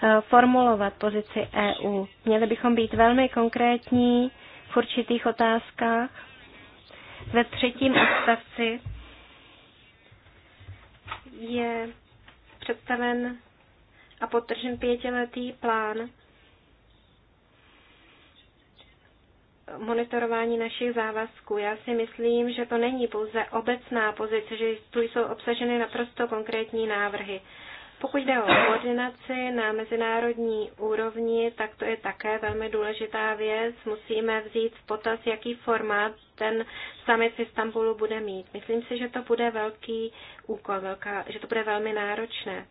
eh, formulovat pozici EU. Měli bychom být velmi konkrétní v určitých otázkách ve třetím odstavci je představen a potržen pětiletý plán monitorování našich závazků. Já si myslím, že to není pouze obecná pozice, že tu jsou obsaženy naprosto konkrétní návrhy. Pokud jde o koordinaci na mezinárodní úrovni, tak to je také velmi důležitá věc. Musíme vzít v potaz, jaký formát ten summit v Istanbulu bude mít. Myslím si, že to bude velký úkol, velká, že to bude velmi náročné.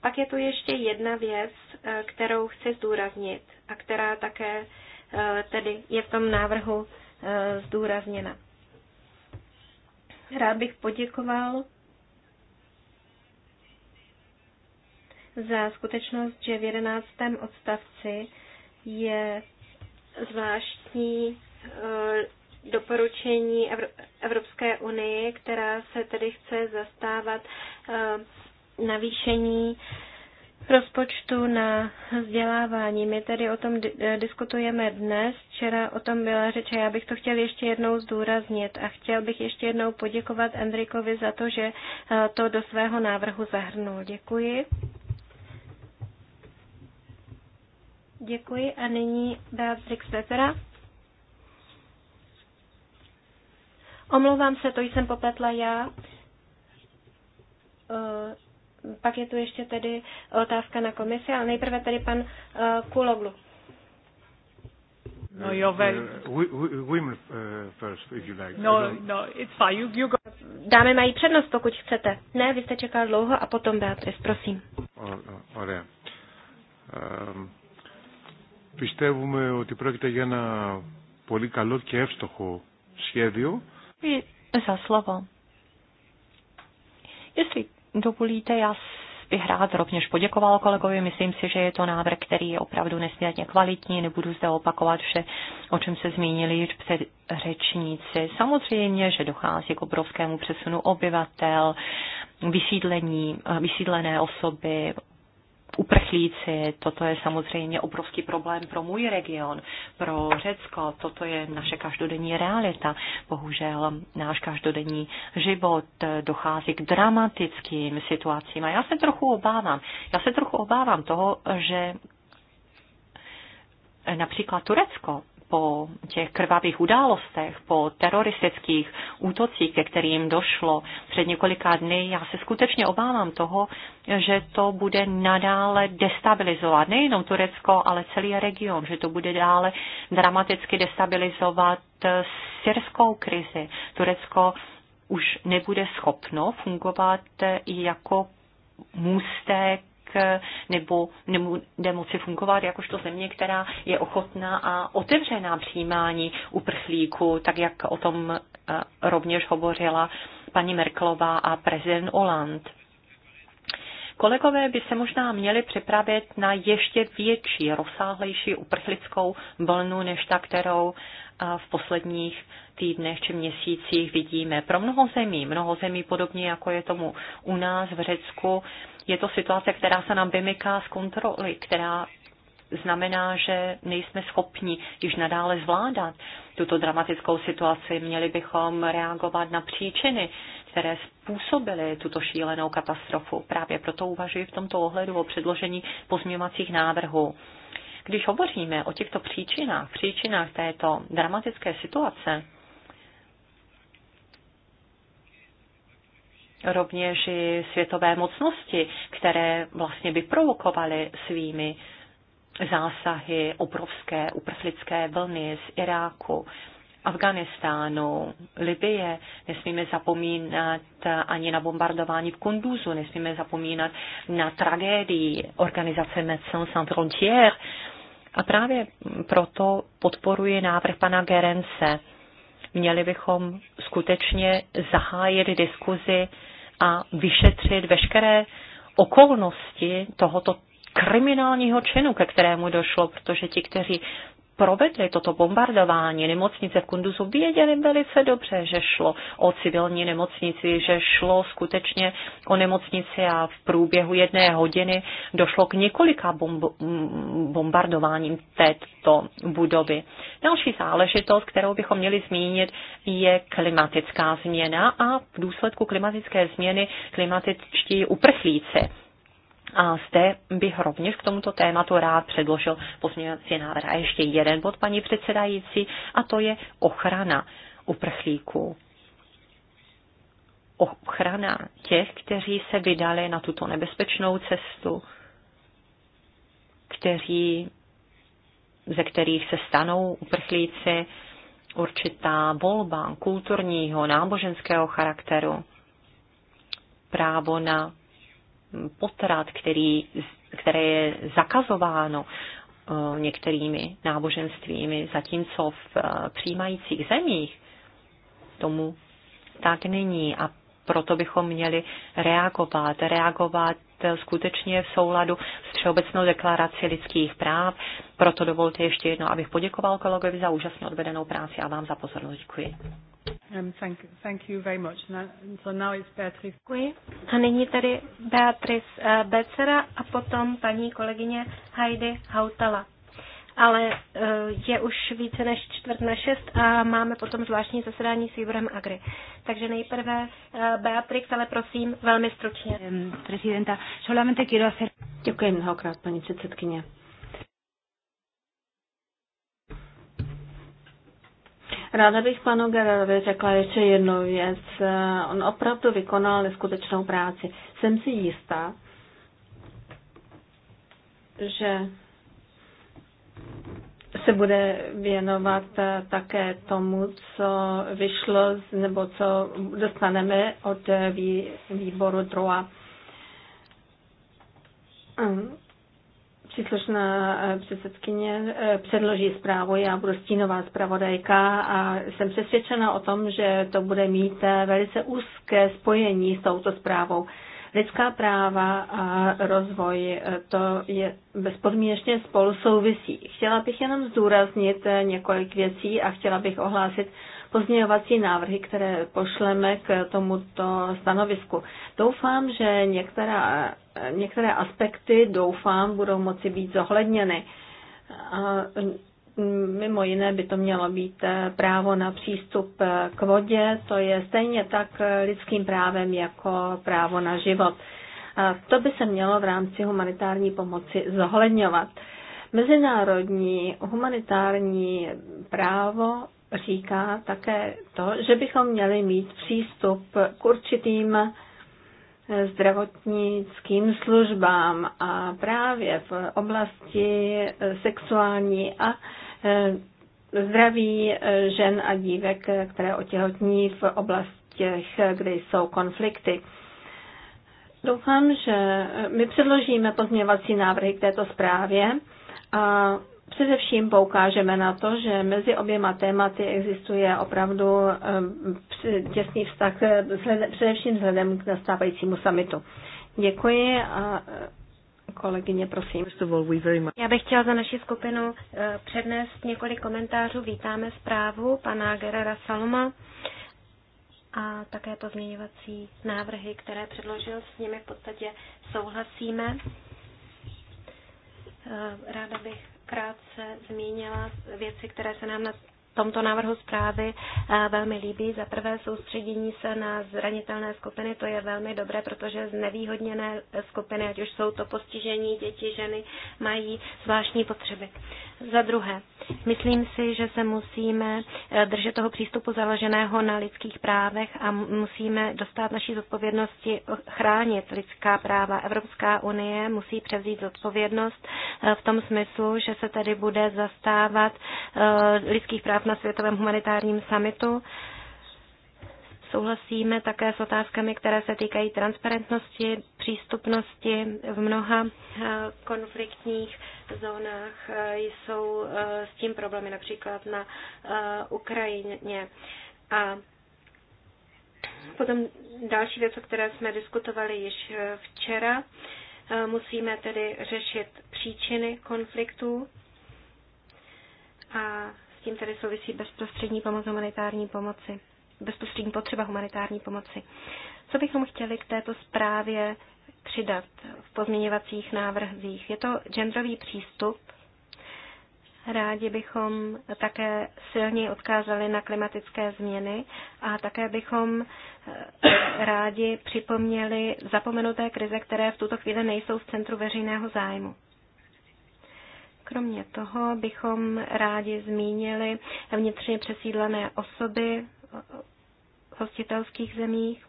Pak je tu ještě jedna věc, eh, kterou chci zdůraznit a která také eh, tedy je v tom návrhu eh, zdůrazněna. Rád bych poděkoval za skutečnost, že v jedenáctém odstavci je zvláštní eh, doporučení Evropské unii, která se tedy chce zastávat eh, navýšení rozpočtu na vzdělávání. My tedy o tom eh, diskutujeme dnes, včera o tom byla řeč a já bych to chtěl ještě jednou zdůraznit a chtěl bych ještě jednou poděkovat Enrikovi za to, že to do svého návrhu zahrnul. Děkuji. Děkuji a nyní Beatrix Petra. Omlouvám se, to jsem popetla. já. Pak je tu ještě tedy otázka na komisi, ale nejprve tady pan Kuloglu. No, you're very... Women first, if you like. No, no, it's fine. You, you go... Dámy mají přednost, pokud chcete. Ne, vy jste čekal dlouho a potom Beatrice, prosím. All, all, all, um, Πιστεύουμε ότι πρόκειται για ένα πολύ καλό και εύστοχο σχέδιο. I za slovo. Jestli dovolíte, já bych rád rovněž poděkoval kolegovi. Myslím si, že je to návrh, který je opravdu nesmírně kvalitní. Nebudu zde opakovat vše, o čem se zmínili předřečníci. Samozřejmě, že dochází k obrovskému přesunu obyvatel, vysídlení, eh, vysídlené osoby, uprchlíci, toto je samozřejmě obrovský problém pro můj region, pro Řecko, toto je naše každodenní realita. Bohužel náš každodenní život dochází k dramatickým situacím a já se trochu obávám. Já se trochu obávám toho, že například Turecko po těch krvavých událostech, po teroristických útocích, ke kterým došlo před několika dny, já se skutečně obávám toho, že to bude nadále destabilizovat nejenom Turecko, ale celý region, že to bude dále dramaticky destabilizovat syrskou krizi. Turecko už nebude schopno fungovat jako můstek Eh, nebo nebude moci fungovat jakožto země, která je ochotná a otevřená přijímání uprchlíků, tak jak o tom eh, rovněž hovořila paní Merklová a prezident Hollande. Kolegové by se možná měli připravit na ještě větší, rozsáhlejší uprchlickou vlnu, než ta, kterou eh, v posledních týdnech či měsících vidíme. Pro mnoho zemí, mnoho zemí podobně jako je tomu u nás v Řecku, je to situace, která se nám vymyká z kontroly, která znamená, že nejsme schopni již nadále zvládat tuto dramatickou situaci. Měli bychom reagovat na příčiny, které způsobily tuto šílenou katastrofu. Právě proto uvažuji v tomto ohledu o předložení pozměňovacích návrhů. Když hovoříme o těchto příčinách, příčinách této dramatické situace, rovněž i světové mocnosti, které vlastně vyprovokovaly svými zásahy obrovské uprchlické vlny z Iráku, Afganistánu, Libie. Nesmíme zapomínat ani na bombardování v Kunduzu, nesmíme zapomínat na tragédii organizace Médecins Sans Frontières. A právě proto podporuji návrh pana Gerence. Měli bychom skutečně zahájit diskuzi a vyšetřit veškeré okolnosti tohoto kriminálního činu, ke kterému došlo, protože ti, kteří provedli toto bombardování nemocnice v Kunduzu, věděli velice dobře, že šlo o civilní nemocnici, že šlo skutečně o nemocnici a v průběhu jedné hodiny došlo k několika bomb- bombardováním této budovy. Další záležitost, kterou bychom měli zmínit, je klimatická změna a v důsledku klimatické změny klimatičtí uprchlíci a zde bych rovněž k tomuto tématu rád předložil pozměňovací návrh. A ještě jeden bod, paní předsedající, a to je ochrana uprchlíků. Ochrana těch, kteří se vydali na tuto nebezpečnou cestu, kteří, ze kterých se stanou uprchlíci, určitá volba kulturního, náboženského charakteru, právo na potrat, který, které je zakazováno eh, některými náboženstvími, zatímco v eh, přijímajících zemích tomu tak není a proto bychom měli reagovat, reagovat eh, skutečně v souladu s Všeobecnou deklarací lidských práv. Proto dovolte ještě jedno, abych poděkoval kolegovi za úžasně odvedenou práci a vám za pozornost. Děkuji. Um, thank, thank you very much. Now, so now it's Beatrice. Děkuji. A nyní tady Beatrice uh, Becera a potom paní kolegyně Heidi Hautala. Ale uh, je už více než čtvrt na šest a máme potom zvláštní zasedání s výborem Agri. Takže nejprve uh, Beatrix, ale prosím velmi stručně. Prezidenta, solamente quiero hacer... Děkuji mnohokrát, paní předsedkyně. Ráda bych panu Gerardovi řekla ještě jednu věc. On opravdu vykonal neskutečnou práci. Jsem si jistá, že se bude věnovat také tomu, co vyšlo nebo co dostaneme od výboru DROA příslušná eh, předsedkyně eh, předloží zprávu, já budu stínová zpravodajka a jsem přesvědčena o tom, že to bude mít eh, velice úzké spojení s touto zprávou. Lidská práva a rozvoj, to je bezpodmínečně spolu souvisí. Chtěla bych jenom zdůraznit několik věcí a chtěla bych ohlásit pozměňovací návrhy, které pošleme k tomuto stanovisku. Doufám, že některá, některé aspekty, doufám, budou moci být zohledněny. A mimo jiné by to mělo být právo na přístup k vodě, to je stejně tak lidským právem jako právo na život. A to by se mělo v rámci humanitární pomoci zohledňovat. Mezinárodní humanitární právo říká také to, že bychom měli mít přístup k určitým eh, zdravotnickým službám a právě v oblasti eh, sexuální a eh, zdraví žen a dívek, které otěhotní v oblastech, kde jsou konflikty. Doufám, že my předložíme pozměňovací návrhy k této zprávě a Především poukážeme na to, že mezi oběma tématy existuje opravdu těsný vztah, především vzhledem k nastávajícímu samitu. Děkuji a e, kolegyně, prosím. Já bych chtěla za naši skupinu e, přednést několik komentářů. Vítáme zprávu pana Gerara Saluma a také pozměňovací návrhy, které předložil, s nimi v podstatě souhlasíme. E, ráda bych krátce zmínila věci, které se nám na tomto návrhu zprávy eh, velmi líbí. Za prvé soustředění se na zranitelné skupiny, to je velmi dobré, protože znevýhodněné skupiny, ať už jsou to postižení děti, ženy, mají zvláštní potřeby. Za druhé, myslím si, že se musíme eh, držet toho přístupu založeného na lidských právech a musíme dostat naší zodpovědnosti eh, chránit lidská práva. Evropská unie musí převzít zodpovědnost eh, v tom smyslu, že se tady bude zastávat lidských práv na Světovém humanitárním summitu Souhlasíme také s otázkami, které se týkají transparentnosti, přístupnosti v mnoha eh, konfliktních zónách. Eh, jsou eh, s tím problémy například na Ukrajině. A potom další věc, o které jsme diskutovali již včera, musíme tedy řešit příčiny konfliktů a s tím tedy souvisí bezprostřední pomoc humanitární pomoci bezprostřední potřeba humanitární pomoci. Co bychom chtěli k této zprávě přidat v pozměňovacích návrzích? Je to genderový přístup. Rádi bychom také silněji odkázali na klimatické změny a také bychom eh, rádi připomněli zapomenuté krize, které v tuto chvíli nejsou v centru veřejného zájmu. Kromě toho bychom rádi zmínili vnitřně přesídlené osoby, hostitelských zemích.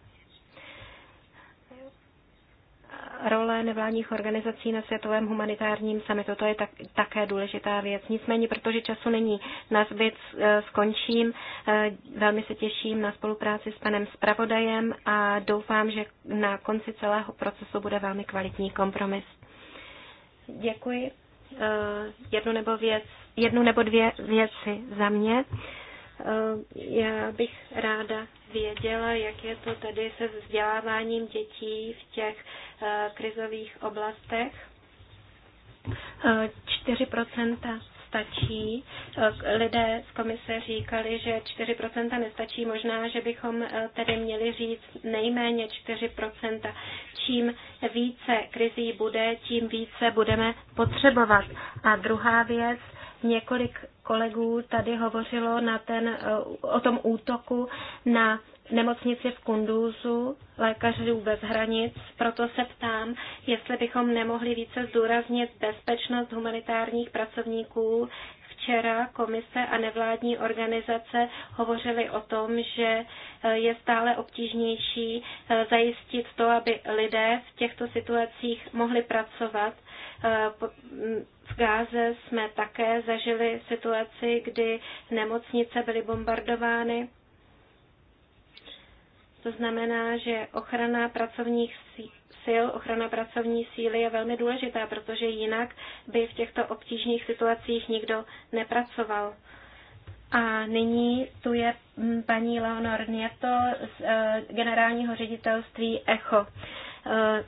Role nevládních organizací na Světovém humanitárním summitu, to je tak, také důležitá věc. Nicméně, protože času není na zbyt, eh, skončím. Eh, velmi se těším na spolupráci s panem Spravodajem a doufám, že na konci celého procesu bude velmi kvalitní kompromis. Děkuji. Eh, jednu nebo, věc, jednu nebo dvě věci za mě. Eh, já bych ráda věděla, jak je to tedy se vzděláváním dětí v těch eh, krizových oblastech. 4 eh, stačí. Lidé z komise říkali, že 4% nestačí, možná, že bychom tedy měli říct nejméně 4%. Čím více krizí bude, tím více budeme potřebovat. A druhá věc, Několik kolegů tady hovořilo na ten, eh, o tom útoku na nemocnici v Kunduzu, lékařů bez hranic, proto se ptám, jestli bychom nemohli více zdůraznit bezpečnost humanitárních pracovníků Včera komise a nevládní organizace hovořily o tom, že eh, je stále obtížnější eh, zajistit to, aby lidé v těchto situacích mohli pracovat. Eh, v Gáze jsme také zažili situaci, kdy nemocnice byly bombardovány. To znamená, že ochrana pracovních sil, ochrana pracovní síly je velmi důležitá, protože jinak by v těchto obtížných situacích nikdo nepracoval. A nyní tu je mm, paní Leonor Nieto z eh, generálního ředitelství ECHO. Eh,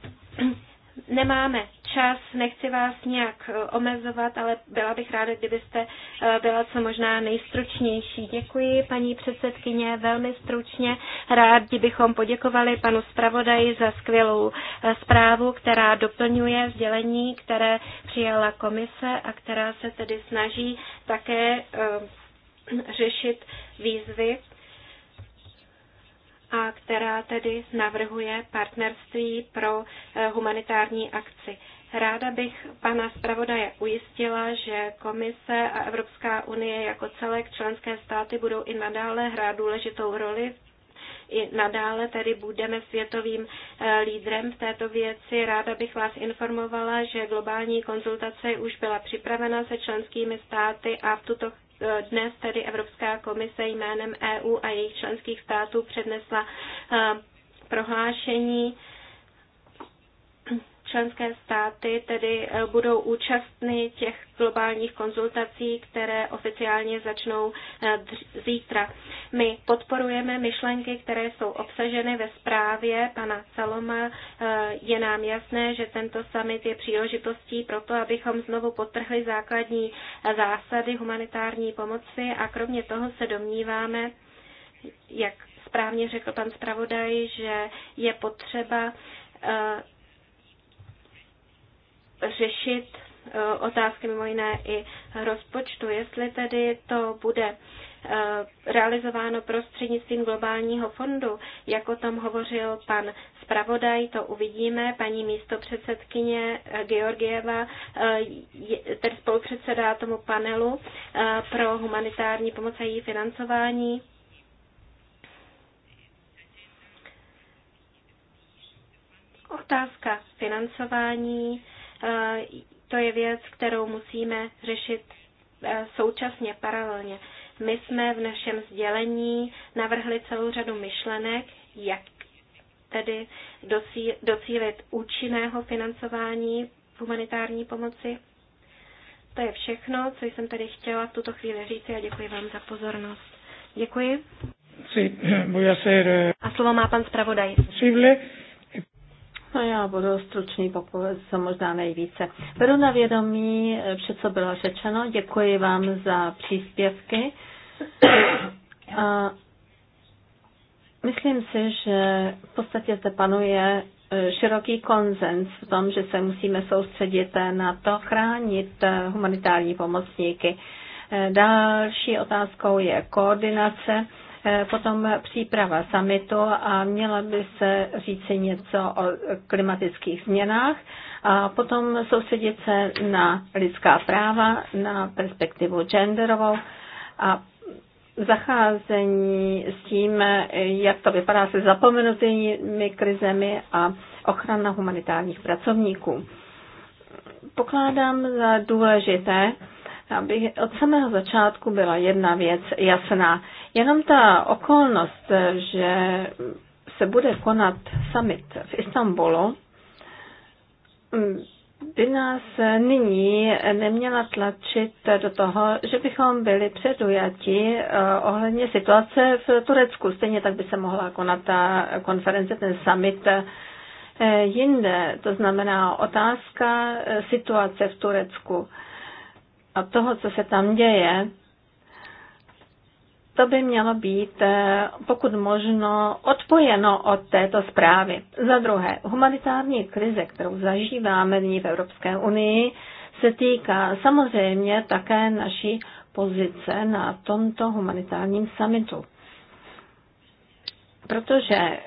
nemáme čas, nechci vás nějak eh, omezovat, ale byla bych ráda, kdybyste eh, byla co možná nejstručnější. Děkuji, paní předsedkyně, velmi stručně. Rádi bychom poděkovali panu zpravodaji za skvělou eh, zprávu, která doplňuje sdělení, které přijala komise a která se tedy snaží také řešit výzvy a která tedy navrhuje partnerství pro eh, humanitární akci. Ráda bych pana zpravodaje ujistila, že Komise a Evropská unie jako celek členské státy budou i nadále hrát důležitou roli i nadále tedy budeme světovým eh, lídrem v této věci. Ráda bych vás informovala, že globální konzultace už byla připravena se členskými státy a v tuto dnes tedy Evropská komise jménem EU a jejich členských států přednesla eh, prohlášení, Členské státy tedy eh, budou účastny těch globálních konzultací, které oficiálně začnou eh, zítra. My podporujeme myšlenky, které jsou obsaženy ve zprávě pana Saloma. Eh, je nám jasné, že tento summit je příležitostí pro to, abychom znovu potrhli základní zásady humanitární pomoci a kromě toho se domníváme, jak správně řekl pan zpravodaj, že je potřeba řešit eh, otázky mimo jiné i rozpočtu. Jestli tedy to bude eh, realizováno prostřednictvím globálního fondu, jak o tom hovořil pan zpravodaj, to uvidíme. Paní místopředsedkyně eh, Georgieva, ten spolupředseda tomu panelu pro humanitární pomoc a její financování. Otázka financování E, to je věc, kterou musíme řešit e, současně, paralelně. My jsme v našem sdělení navrhli celou řadu myšlenek, jak tedy docílit účinného financování humanitární pomoci. To je všechno, co jsem tady chtěla v tuto chvíli říct a děkuji vám za pozornost. Děkuji. Sí, a eh, a slovo má pan zpravodaj. No já budu stručný, pokud co možná nejvíce. Beru na vědomí eh, vše, co bylo řečeno. Děkuji vám za příspěvky. A myslím si, že v podstatě zde panuje eh, široký konzens v tom, že se musíme soustředit eh, na to chránit humanitární pomocníky. Další otázkou je koordinace Eh, potom příprava summitu a měla by se říci něco o klimatických změnách a potom soustředit se na lidská práva, na perspektivu genderovou a zacházení s tím, jak to vypadá se zapomenutými krizemi a ochrana humanitárních pracovníků. Pokládám za důležité, aby od samého začátku byla jedna věc jasná. Jenom ta okolnost, že se bude konat summit v Istanbulu, by nás nyní neměla tlačit do toho, že bychom byli předujati eh, ohledně situace v Turecku. Stejně tak by se mohla konat ta konference, ten summit eh, jinde. To znamená otázka eh, situace v Turecku a toho, co se tam děje, to by mělo být eh, pokud možno odpojeno od této zprávy. Za druhé, humanitární krize, kterou zažíváme nyní v Evropské unii, se týká samozřejmě také naší pozice na tomto humanitárním summitu. Protože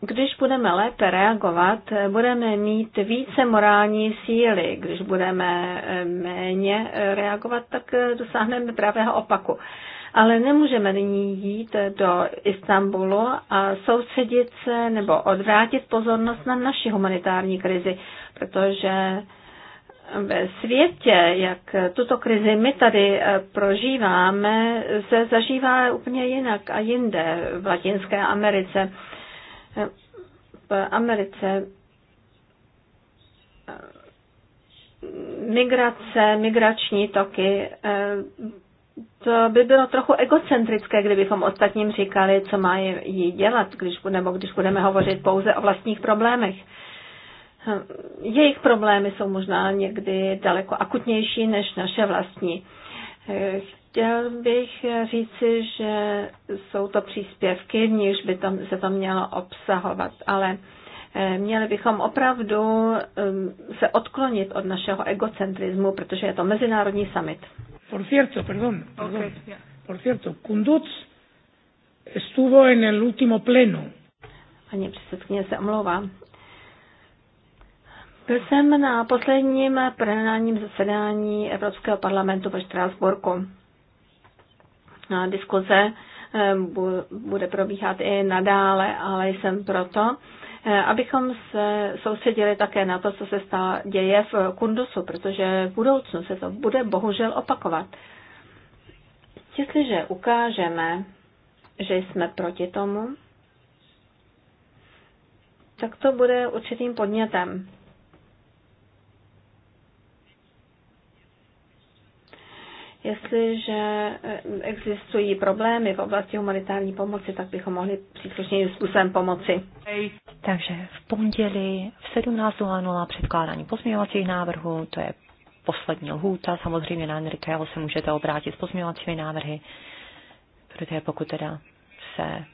když budeme lépe reagovat, budeme mít více morální síly. Když budeme eh, méně eh, reagovat, tak eh, dosáhneme pravého opaku. Ale nemůžeme nyní jít do Istanbulu a soustředit se nebo odvrátit pozornost na naši humanitární krizi, protože ve světě, jak tuto krizi my tady prožíváme, se zažívá úplně jinak a jinde v Latinské Americe v Americe migrace, migrační toky, eh, to by bylo trochu egocentrické, kdybychom ostatním říkali, co mají jí dělat, když, nebo když budeme hovořit pouze o vlastních problémech. Eh, jejich problémy jsou možná někdy daleko akutnější než naše vlastní. Eh, Chtěl bych říci, že jsou to příspěvky, v nichž by tam, se to mělo obsahovat, ale eh, měli bychom opravdu ehm, se odklonit od našeho egocentrizmu, protože je to mezinárodní summit. Por cierto, perdón, perdón. Okay, yeah. Por cierto, Kunduz estuvo en el último pleno. Paní předsedkyně se omlouvám. Byl jsem na posledním plenárním zasedání Evropského parlamentu ve Štrásburku. No, diskuze eh, bude probíhat i nadále, ale jsem proto, eh, abychom se soustředili také na to, co se stále děje v Kundusu, protože v budoucnu se to bude bohužel opakovat. Jestliže ukážeme, že jsme proti tomu, tak to bude určitým podnětem. Jestliže eh, existují problémy v oblasti humanitární pomoci, tak bychom mohli příslušným způsobem pomoci. Takže v pondělí v 17.00 předkládání pozměňovacích návrhů, to je poslední lhůta. Samozřejmě na Enrikeho se můžete obrátit s pozměňovacími návrhy, protože pokud teda se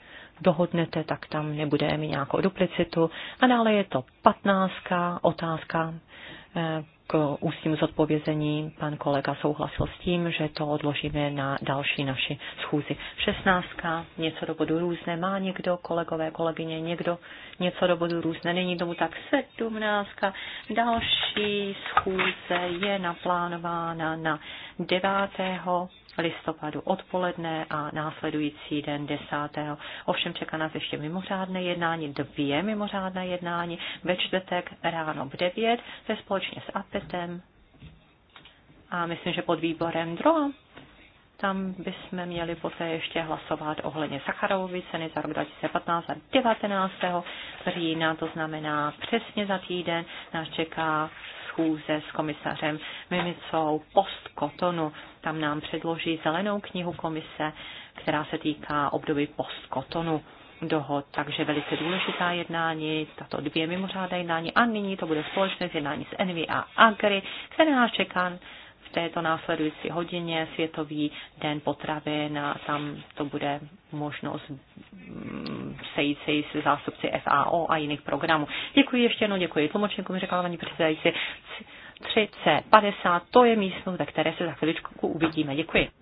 dohodnete, tak tam nebude mít nějakou duplicitu. A dále je to patnáctka otázka eh, k ústním zodpovězení pan kolega souhlasil s tím, že to odložíme na další naši schůzi. 16. Něco do bodu různé. Má někdo, kolegové, kolegyně, někdo něco do bodu různé? Není tomu tak. 17. Další schůze je naplánována na 9 listopadu odpoledne a následující den 10. Ovšem čeká nás ještě mimořádné jednání, dvě mimořádné jednání ve čtvrtek ráno v 9, to společně s APETem a myslím, že pod výborem DRO. Tam bychom měli poté ještě hlasovat ohledně Sacharovovy ceny za rok 2015 a 19. října, to znamená přesně za týden nás čeká schůze s komisařem Mimicou post Kotonu. Tam nám předloží zelenou knihu komise, která se týká období post Kotonu dohod. Takže velice důležitá jednání, tato dvě mimořádná jednání a nyní to bude společné jednání s Envy a Agri, které nás čeká této následující hodině, Světový den potravin a tam to bude možnost mm, sejít se s zástupci FAO a jiných programů. Děkuji ještě jednou, děkuji tlumočníkům, řekla paní předsedající. c 50, to je místnost, ve které se za chviličku uvidíme. Děkuji.